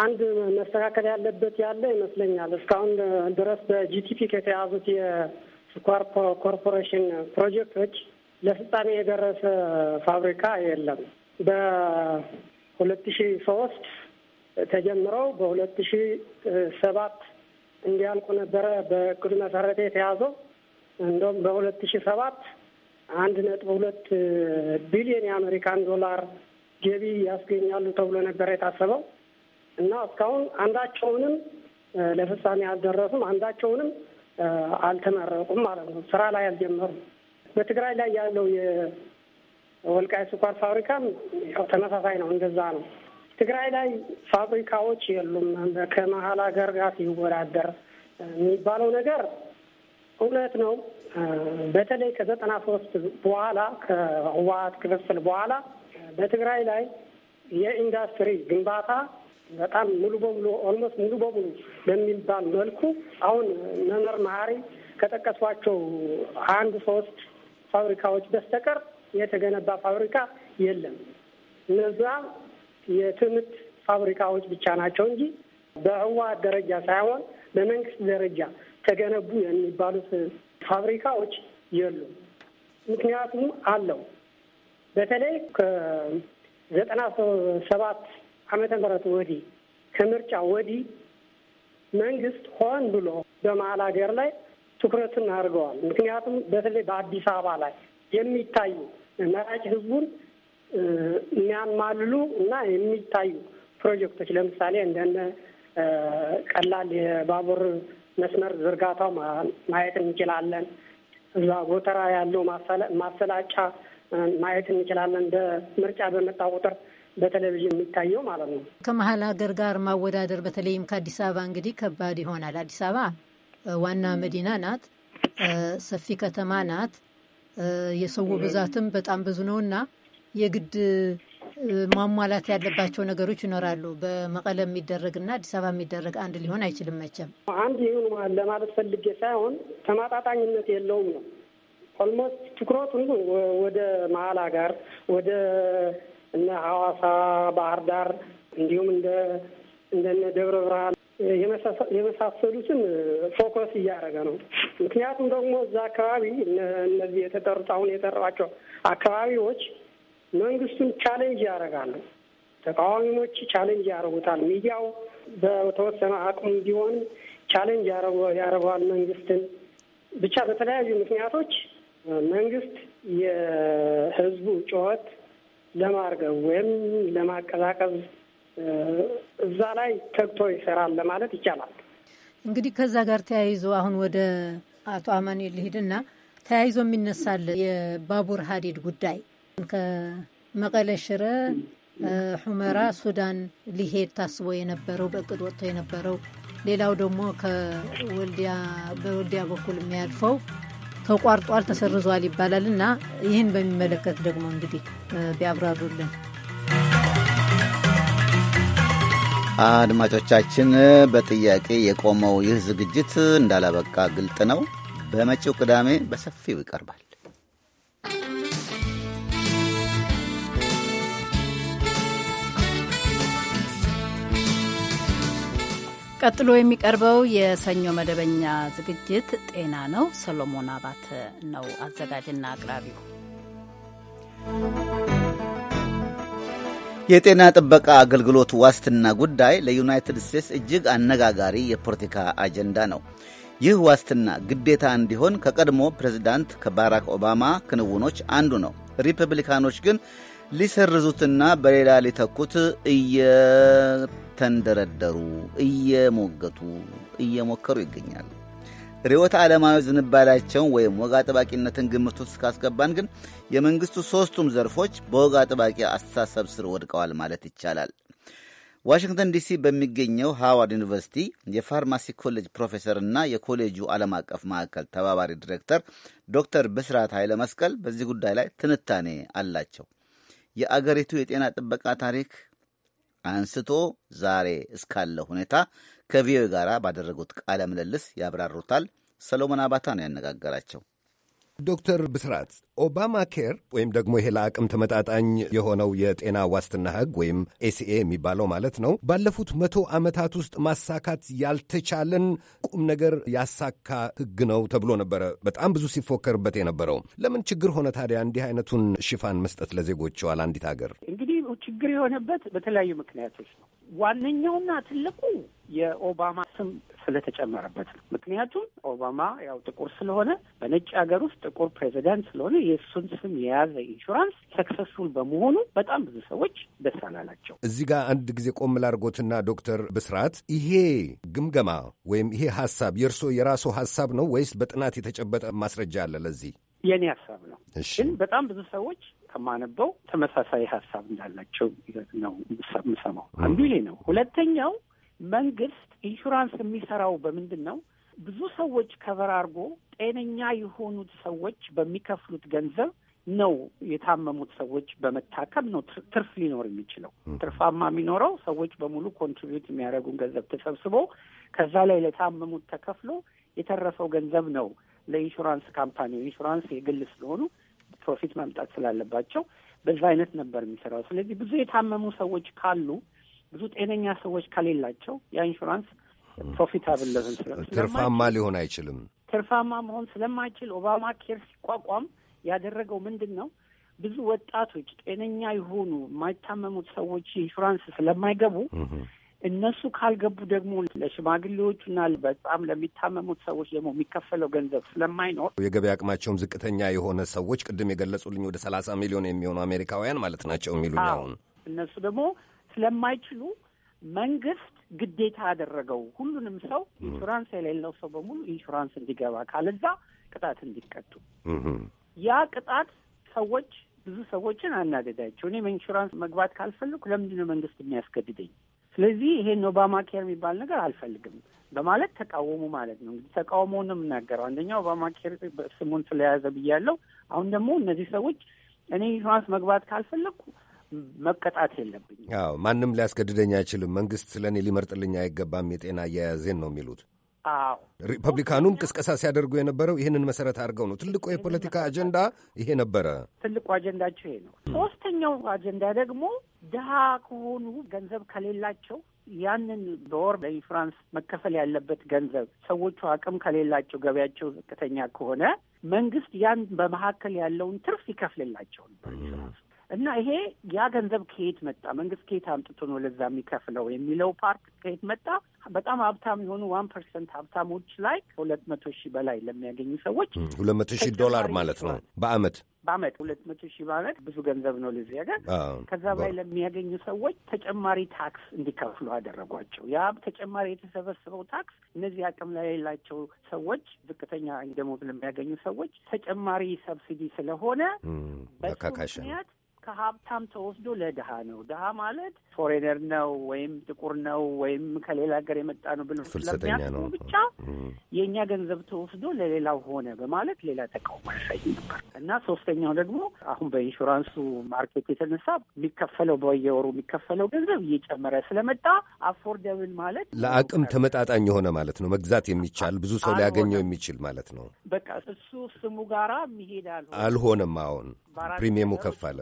አንድ መስተካከል ያለበት ያለ ይመስለኛል። እስካሁን ድረስ በጂቲፒ ከተያዙት የስኳር ኮርፖሬሽን ፕሮጀክቶች ለፍጻሜ የደረሰ ፋብሪካ የለም። በሁለት ሺ ሶስት ተጀምረው በሁለት ሺ ሰባት እንዲያልቁ ነበረ በእቅዱ መሰረት የተያዘው። እንደውም በሁለት ሺ ሰባት አንድ ነጥብ ሁለት ቢሊዮን የአሜሪካን ዶላር ገቢ ያስገኛሉ ተብሎ ነበረ የታሰበው። እና እስካሁን አንዳቸውንም ለፍጻሜ አልደረሱም፣ አንዳቸውንም አልተመረቁም ማለት ነው። ስራ ላይ አልጀመሩም። በትግራይ ላይ ያለው የወልቃይ ስኳር ፋብሪካም ያው ተመሳሳይ ነው፣ እንደዛ ነው። ትግራይ ላይ ፋብሪካዎች የሉም ከመሀል ሀገር ጋር ሲወዳደር የሚባለው ነገር እውነት ነው። በተለይ ከዘጠና ሶስት በኋላ ከህወሀት ክፍፍል በኋላ በትግራይ ላይ የኢንዱስትሪ ግንባታ በጣም ሙሉ በሙሉ ኦልሞስት ሙሉ በሙሉ በሚባል መልኩ አሁን መምህር መሀሪ ከጠቀሷቸው አንድ ሶስት ፋብሪካዎች በስተቀር የተገነባ ፋብሪካ የለም። እነዛ የትምህርት ፋብሪካዎች ብቻ ናቸው እንጂ በህወሓት ደረጃ ሳይሆን በመንግስት ደረጃ ተገነቡ የሚባሉት ፋብሪካዎች የሉም። ምክንያቱም አለው በተለይ ከዘጠና ሰባት ዓመተ ምህረት ወዲህ ከምርጫ ወዲህ መንግስት ሆን ብሎ በመሀል ሀገር ላይ ትኩረትን አድርገዋል። ምክንያቱም በተለይ በአዲስ አበባ ላይ የሚታዩ መራጭ ህዝቡን የሚያማልሉ እና የሚታዩ ፕሮጀክቶች ለምሳሌ እንደነ ቀላል የባቡር መስመር ዝርጋታው ማየት እንችላለን። እዛ ጎተራ ያለው ማሰላጫ ማየት እንችላለን። በምርጫ በመጣ ቁጥር በቴሌቪዥን የሚታየው ማለት ነው። ከመሀል ሀገር ጋር ማወዳደር በተለይም ከአዲስ አበባ እንግዲህ ከባድ ይሆናል። አዲስ አበባ ዋና መዲና ናት፣ ሰፊ ከተማ ናት። የሰው ብዛትም በጣም ብዙ ነው እና የግድ ማሟላት ያለባቸው ነገሮች ይኖራሉ። በመቀለ የሚደረግና አዲስ አበባ የሚደረግ አንድ ሊሆን አይችልም መቼም። አንድ ይሁን ለማለት ፈልጌ ሳይሆን ተማጣጣኝነት የለውም ነው ኦልሞስት ትኩረቱን ወደ መሀል ሀገር ወደ እነ ሐዋሳ፣ ባህር ዳር እንዲሁም እንደ እንደነ ደብረ ብርሃን የመሳሰሉትን ፎከስ እያደረገ ነው። ምክንያቱም ደግሞ እዛ አካባቢ እነዚህ የተጠሩት አሁን የጠራቸው አካባቢዎች መንግስቱን ቻሌንጅ ያደርጋሉ። ተቃዋሚዎች ቻሌንጅ ያደርጉታል። ሚዲያው በተወሰነ አቅሙ ቢሆን ቻሌንጅ ያደርገዋል መንግስትን ብቻ በተለያዩ ምክንያቶች መንግስት የህዝቡ ጩኸት ለማርገብ ወይም ለማቀዛቀዝ እዛ ላይ ተግቶ ይሰራል ለማለት ይቻላል። እንግዲህ ከዛ ጋር ተያይዞ አሁን ወደ አቶ አማኑኤል ልሂድና ተያይዞ የሚነሳል የባቡር ሀዲድ ጉዳይ ከመቀለ ሽረ፣ ሁመራ፣ ሱዳን ሊሄድ ታስቦ የነበረው በእቅድ ወጥቶ የነበረው ሌላው ደግሞ ከወልዲያ በወልዲያ በኩል የሚያልፈው ተቋርጧል፣ ተሰርዟል ይባላል እና ይህን በሚመለከት ደግሞ እንግዲህ ቢያብራሩልን። አድማጮቻችን በጥያቄ የቆመው ይህ ዝግጅት እንዳላበቃ ግልጥ ነው። በመጪው ቅዳሜ በሰፊው ይቀርባል። ቀጥሎ የሚቀርበው የሰኞ መደበኛ ዝግጅት ጤና ነው። ሰሎሞን አባተ ነው አዘጋጅና አቅራቢው። የጤና ጥበቃ አገልግሎት ዋስትና ጉዳይ ለዩናይትድ ስቴትስ እጅግ አነጋጋሪ የፖለቲካ አጀንዳ ነው። ይህ ዋስትና ግዴታ እንዲሆን ከቀድሞ ፕሬዚዳንት ከባራክ ኦባማ ክንውኖች አንዱ ነው። ሪፐብሊካኖች ግን ሊሰርዙትና በሌላ ሊተኩት እየ እየተንደረደሩ እየሞገቱ እየሞከሩ ይገኛሉ። ርዕዮተ ዓለማዊ ዝንባሌያቸውን ወይም ወግ አጥባቂነትን ግምት ውስጥ ካስገባን ግን የመንግሥቱ ሦስቱም ዘርፎች በወግ አጥባቂ አስተሳሰብ ስር ወድቀዋል ማለት ይቻላል። ዋሽንግተን ዲሲ በሚገኘው ሃዋርድ ዩኒቨርሲቲ የፋርማሲ ኮሌጅ ፕሮፌሰር እና የኮሌጁ ዓለም አቀፍ ማዕከል ተባባሪ ዲሬክተር ዶክተር ብስራት ኃይለ መስቀል በዚህ ጉዳይ ላይ ትንታኔ አላቸው። የአገሪቱ የጤና ጥበቃ ታሪክ አንስቶ ዛሬ እስካለ ሁኔታ ከቪኦኤ ጋር ባደረጉት ቃለ ምልልስ ያብራሩታል። ሰሎሞን አባታ ነው ያነጋገራቸው። ዶክተር ብስራት ኦባማ ኬር ወይም ደግሞ ይሄ ለአቅም ተመጣጣኝ የሆነው የጤና ዋስትና ሕግ ወይም ኤሲኤ የሚባለው ማለት ነው ባለፉት መቶ ዓመታት ውስጥ ማሳካት ያልተቻለን ቁም ነገር ያሳካ ሕግ ነው ተብሎ ነበረ በጣም ብዙ ሲፎከርበት የነበረው። ለምን ችግር ሆነ ታዲያ እንዲህ አይነቱን ሽፋን መስጠት ለዜጎቿ አንዲት ሀገር? ችግር የሆነበት በተለያዩ ምክንያቶች ነው። ዋነኛውና ትልቁ የኦባማ ስም ስለተጨመረበት ነው። ምክንያቱም ኦባማ ያው ጥቁር ስለሆነ በነጭ ሀገር ውስጥ ጥቁር ፕሬዚዳንት ስለሆነ የእሱን ስም የያዘ ኢንሹራንስ ሰክሰስፉል በመሆኑ በጣም ብዙ ሰዎች ደስ አላላቸው። እዚህ ጋር አንድ ጊዜ ቆም ላድርጎትና ዶክተር ብስራት ይሄ ግምገማ ወይም ይሄ ሀሳብ የእርሶ የራሶ ሀሳብ ነው ወይስ በጥናት የተጨበጠ ማስረጃ አለ ለዚህ? የእኔ ሀሳብ ነው። ግን በጣም ብዙ ሰዎች ከማነበው ተመሳሳይ ሀሳብ እንዳላቸው ነው የምሰማው። አንዱ ይሄ ነው። ሁለተኛው መንግስት ኢንሹራንስ የሚሰራው በምንድን ነው? ብዙ ሰዎች ከበር አድርጎ ጤነኛ የሆኑት ሰዎች በሚከፍሉት ገንዘብ ነው የታመሙት ሰዎች በመታከም ነው ትርፍ ሊኖር የሚችለው። ትርፋማ የሚኖረው ሰዎች በሙሉ ኮንትሪቢዩት የሚያደርጉን ገንዘብ ተሰብስቦ ከዛ ላይ ለታመሙት ተከፍሎ የተረፈው ገንዘብ ነው ለኢንሹራንስ ካምፓኒ ኢንሹራንስ የግል ስለሆኑ ፕሮፊት መምጣት ስላለባቸው በዛ አይነት ነበር የሚሰራው። ስለዚህ ብዙ የታመሙ ሰዎች ካሉ፣ ብዙ ጤነኛ ሰዎች ከሌላቸው ያ ኢንሹራንስ ፕሮፊታብል ለሆን ትርፋማ ሊሆን አይችልም። ትርፋማ መሆን ስለማይችል ኦባማ ኬር ሲቋቋም ያደረገው ምንድን ነው? ብዙ ወጣቶች ጤነኛ የሆኑ የማይታመሙት ሰዎች ኢንሹራንስ ስለማይገቡ እነሱ ካልገቡ ደግሞ ለሽማግሌዎቹ በጣም ለሚታመሙት ሰዎች ደግሞ የሚከፈለው ገንዘብ ስለማይኖር የገበያ አቅማቸውም ዝቅተኛ የሆነ ሰዎች ቅድም የገለጹልኝ ወደ ሰላሳ ሚሊዮን የሚሆኑ አሜሪካውያን ማለት ናቸው የሚሉኝ አሁን እነሱ ደግሞ ስለማይችሉ መንግስት ግዴታ ያደረገው ሁሉንም ሰው ኢንሹራንስ የሌለው ሰው በሙሉ ኢንሹራንስ እንዲገባ ካለዛ ቅጣት እንዲቀጡ ያ ቅጣት ሰዎች ብዙ ሰዎችን አናደዳቸው። እኔም ኢንሹራንስ መግባት ካልፈለኩ ለምንድነው መንግስት የሚያስገድደኝ? ስለዚህ ይሄን ኦባማ ኬር የሚባል ነገር አልፈልግም በማለት ተቃወሙ ማለት ነው። እንግዲህ ተቃውሞውን የምናገረው አንደኛ ኦባማ ኬር ስሙን ስለያዘ ብያለው። አሁን ደግሞ እነዚህ ሰዎች እኔ ኢንሹራንስ መግባት ካልፈለግኩ መቀጣት የለብኝም። አዎ ማንም ሊያስገድደኝ አይችልም። መንግስት ስለእኔ ሊመርጥልኝ አይገባም የጤና አያያዜን ነው የሚሉት አዎ ሪፐብሊካኑም ቅስቀሳ ሲያደርጉ የነበረው ይህንን መሰረት አድርገው ነው። ትልቁ የፖለቲካ አጀንዳ ይሄ ነበረ። ትልቁ አጀንዳቸው ይሄ ነው። ሶስተኛው አጀንዳ ደግሞ ድሃ ከሆኑ ገንዘብ ከሌላቸው ያንን በወር ለኢንሹራንስ መከፈል ያለበት ገንዘብ ሰዎቹ አቅም ከሌላቸው ገበያቸው ዝቅተኛ ከሆነ መንግስት ያን በመካከል ያለውን ትርፍ ይከፍልላቸው ነበር ኢንሹራንስ እና ይሄ ያ ገንዘብ ከየት መጣ፣ መንግስት ከየት አምጥቶ ነው ለዛ የሚከፍለው የሚለው ፓርት ከየት መጣ። በጣም ሀብታም የሆኑ ዋን ፐርሰንት ሀብታሞች ላይ ከሁለት መቶ ሺህ በላይ ለሚያገኙ ሰዎች ሁለት መቶ ሺህ ዶላር ማለት ነው በአመት በአመት ሁለት መቶ ሺህ በአመት ብዙ ገንዘብ ነው ለዚህ ሀገር። ከዛ በላይ ለሚያገኙ ሰዎች ተጨማሪ ታክስ እንዲከፍሉ አደረጓቸው። ያ ተጨማሪ የተሰበሰበው ታክስ እነዚህ አቅም ላይ የሌላቸው ሰዎች፣ ዝቅተኛ ደሞዝ ለሚያገኙ ሰዎች ተጨማሪ ሰብሲዲ ስለሆነ በሱ ምክንያት ከሀብታም ተወስዶ ለድሀ ነው። ድሀ ማለት ፎሬነር ነው ወይም ጥቁር ነው ወይም ከሌላ ሀገር የመጣ ነው ብሎ ስለሚያስቡ ብቻ የእኛ ገንዘብ ተወስዶ ለሌላው ሆነ በማለት ሌላ ተቃውሞ ያሳይ ነበር እና ሶስተኛው ደግሞ አሁን በኢንሹራንሱ ማርኬት የተነሳ የሚከፈለው በየወሩ የሚከፈለው ገንዘብ እየጨመረ ስለመጣ አፎርደብል ማለት ለአቅም ተመጣጣኝ የሆነ ማለት ነው። መግዛት የሚቻል ብዙ ሰው ሊያገኘው የሚችል ማለት ነው። በቃ እሱ ስሙ ጋራ የሚሄድ አልሆነም። አሁን ፕሪሚየሙ ከፍ አለ።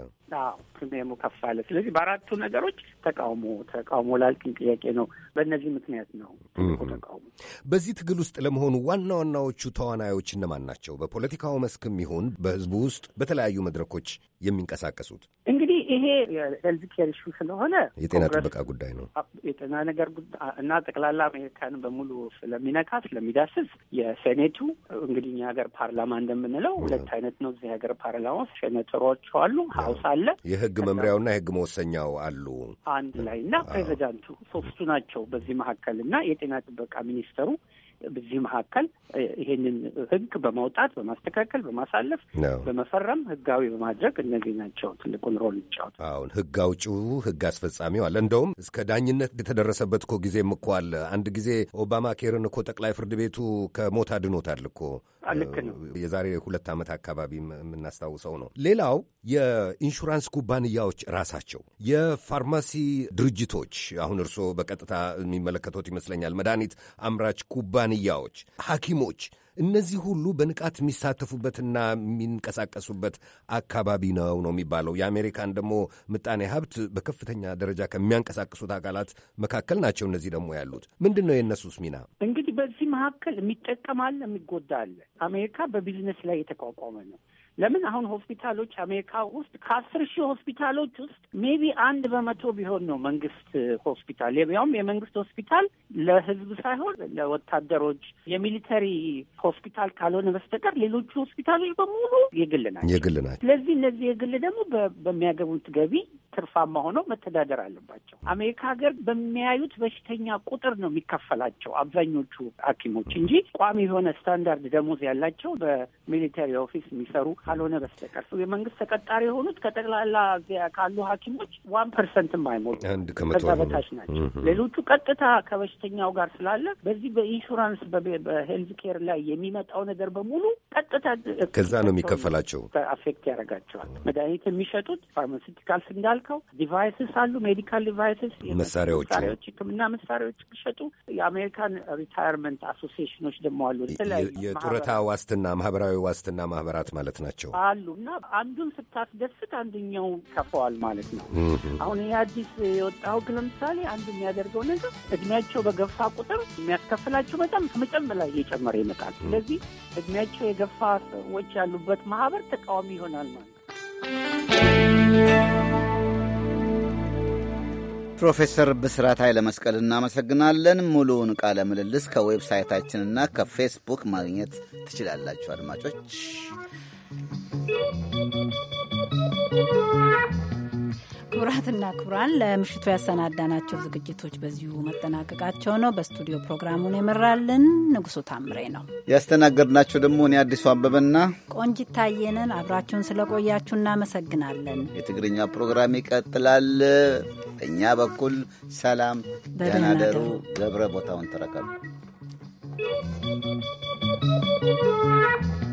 ፕሪሚየሙ ከፍ አለ። ስለዚህ በአራቱ ነገሮች ተቃውሞ ተቃውሞ ላልክን ጥያቄ ነው። በእነዚህ ምክንያት ነው ተቃውሞ። በዚህ ትግል ውስጥ ለመሆኑ ዋና ዋናዎቹ ተዋናዮች እነማን ናቸው? በፖለቲካው መስክም ይሁን በህዝቡ ውስጥ በተለያዩ መድረኮች የሚንቀሳቀሱት ይሄ የሄልዝ ኬር ሹ ስለሆነ የጤና ጥበቃ ጉዳይ ነው። የጤና ነገር እና ጠቅላላ አሜሪካን በሙሉ ስለሚነካ ስለሚዳስስ የሴኔቱ እንግዲህ እኛ ሀገር ፓርላማ እንደምንለው ሁለት አይነት ነው። እዚህ ሀገር ፓርላማ ውስጥ አሉ፣ ሀውስ አለ፣ የህግ መምሪያውና የህግ መወሰኛው አሉ አንድ ላይ እና ፕሬዚዳንቱ ሶስቱ ናቸው በዚህ መካከል እና የጤና ጥበቃ ሚኒስተሩ በዚህ መካከል ይሄንን ህግ በማውጣት በማስተካከል፣ በማሳለፍ፣ በመፈረም ህጋዊ በማድረግ እነዚህ ናቸው ትልቁን ሮል ይጫወት። አሁን ህግ አውጪው ህግ አስፈጻሚው አለ። እንደውም እስከ ዳኝነት የተደረሰበት እኮ ጊዜም እኮ አለ። አንድ ጊዜ ኦባማ ኬርን እኮ ጠቅላይ ፍርድ ቤቱ ከሞት አድኖታል እኮ ልክ ነው። የዛሬ ሁለት ዓመት አካባቢ የምናስታውሰው ነው። ሌላው የኢንሹራንስ ኩባንያዎች ራሳቸው፣ የፋርማሲ ድርጅቶች አሁን እርስዎ በቀጥታ የሚመለከቱት ይመስለኛል፣ መድኃኒት አምራች ኩባንያዎች፣ ሐኪሞች እነዚህ ሁሉ በንቃት የሚሳተፉበትና የሚንቀሳቀሱበት አካባቢ ነው ነው የሚባለው። የአሜሪካን ደግሞ ምጣኔ ሀብት በከፍተኛ ደረጃ ከሚያንቀሳቅሱት አካላት መካከል ናቸው። እነዚህ ደግሞ ያሉት ምንድን ነው የእነሱስ ሚና? እንግዲህ በዚህ መካከል የሚጠቀማለ አለ፣ አሜሪካ በቢዝነስ ላይ የተቋቋመ ነው። ለምን አሁን ሆስፒታሎች አሜሪካ ውስጥ ከአስር ሺህ ሆስፒታሎች ውስጥ ሜቢ አንድ በመቶ ቢሆን ነው መንግስት ሆስፒታል ያውም የመንግስት ሆስፒታል ለህዝብ ሳይሆን ለወታደሮች የሚሊተሪ ሆስፒታል ካልሆነ በስተቀር ሌሎቹ ሆስፒታሎች በሙሉ የግል ናቸው የግል ናቸው። ስለዚህ እነዚህ የግል ደግሞ በሚያገቡት ገቢ ትርፋማ ሆነው መተዳደር አለባቸው። አሜሪካ ሀገር በሚያዩት በሽተኛ ቁጥር ነው የሚከፈላቸው አብዛኞቹ ሐኪሞች እንጂ ቋሚ የሆነ ስታንዳርድ ደሞዝ ያላቸው በሚሊተሪ ኦፊስ የሚሰሩ ካልሆነ በስተቀር የመንግስት ተቀጣሪ የሆኑት ከጠቅላላ ካሉ ሐኪሞች ዋን ፐርሰንትም አይሞሉ ከዛ በታች ናቸው። ሌሎቹ ቀጥታ ከበሽተኛው ጋር ስላለ በዚህ በኢንሹራንስ በሄልዝ ኬር ላይ የሚመጣው ነገር በሙሉ ቀጥታ ከዛ ነው የሚከፈላቸው። አፌክት ያደርጋቸዋል። መድኃኒት የሚሸጡት ፋርማሲቲካልስ እንዳልክ እንዳልከው ዲቫይስስ አሉ፣ ሜዲካል ዲቫይስስ መሳሪያዎች፣ ህክምና መሳሪያዎች የሚሸጡ የአሜሪካን ሪታየርመንት አሶሲሽኖች ደግሞ አሉ። የጡረታ ዋስትና ማህበራዊ ዋስትና ማህበራት ማለት ናቸው አሉ እና አንዱን ስታስደስት አንደኛው ከፈዋል ማለት ነው። አሁን ይህ አዲስ የወጣው ህግ ለምሳሌ አንዱ የሚያደርገው ነገር እድሜያቸው በገፋ ቁጥር የሚያስከፍላቸው በጣም ከመጨመር ላይ እየጨመረ ይመጣል። ስለዚህ እድሜያቸው የገፋ ሰዎች ያሉበት ማህበር ተቃዋሚ ይሆናል ማለት ነው። ፕሮፌሰር ብስራት ኃይለ መስቀል እናመሰግናለን። ሙሉውን ቃለ ምልልስ ከዌብሳይታችንና ከፌስቡክ ማግኘት ትችላላችሁ አድማጮች። ክቡራትና ክቡራን ለምሽቱ ያሰናዳናቸው ዝግጅቶች በዚሁ መጠናቀቃቸው ነው። በስቱዲዮ ፕሮግራሙን የመራልን ንጉሱ ታምሬ ነው። ያስተናገድናቸው ደግሞ እኔ አዲሱ አበበና ቆንጂት ታየ አብራችሁን ስለቆያችሁ እናመሰግናለን። የትግርኛ ፕሮግራም ይቀጥላል። በእኛ በኩል ሰላም፣ ደህና ደሩ። ገብረ ቦታውን you.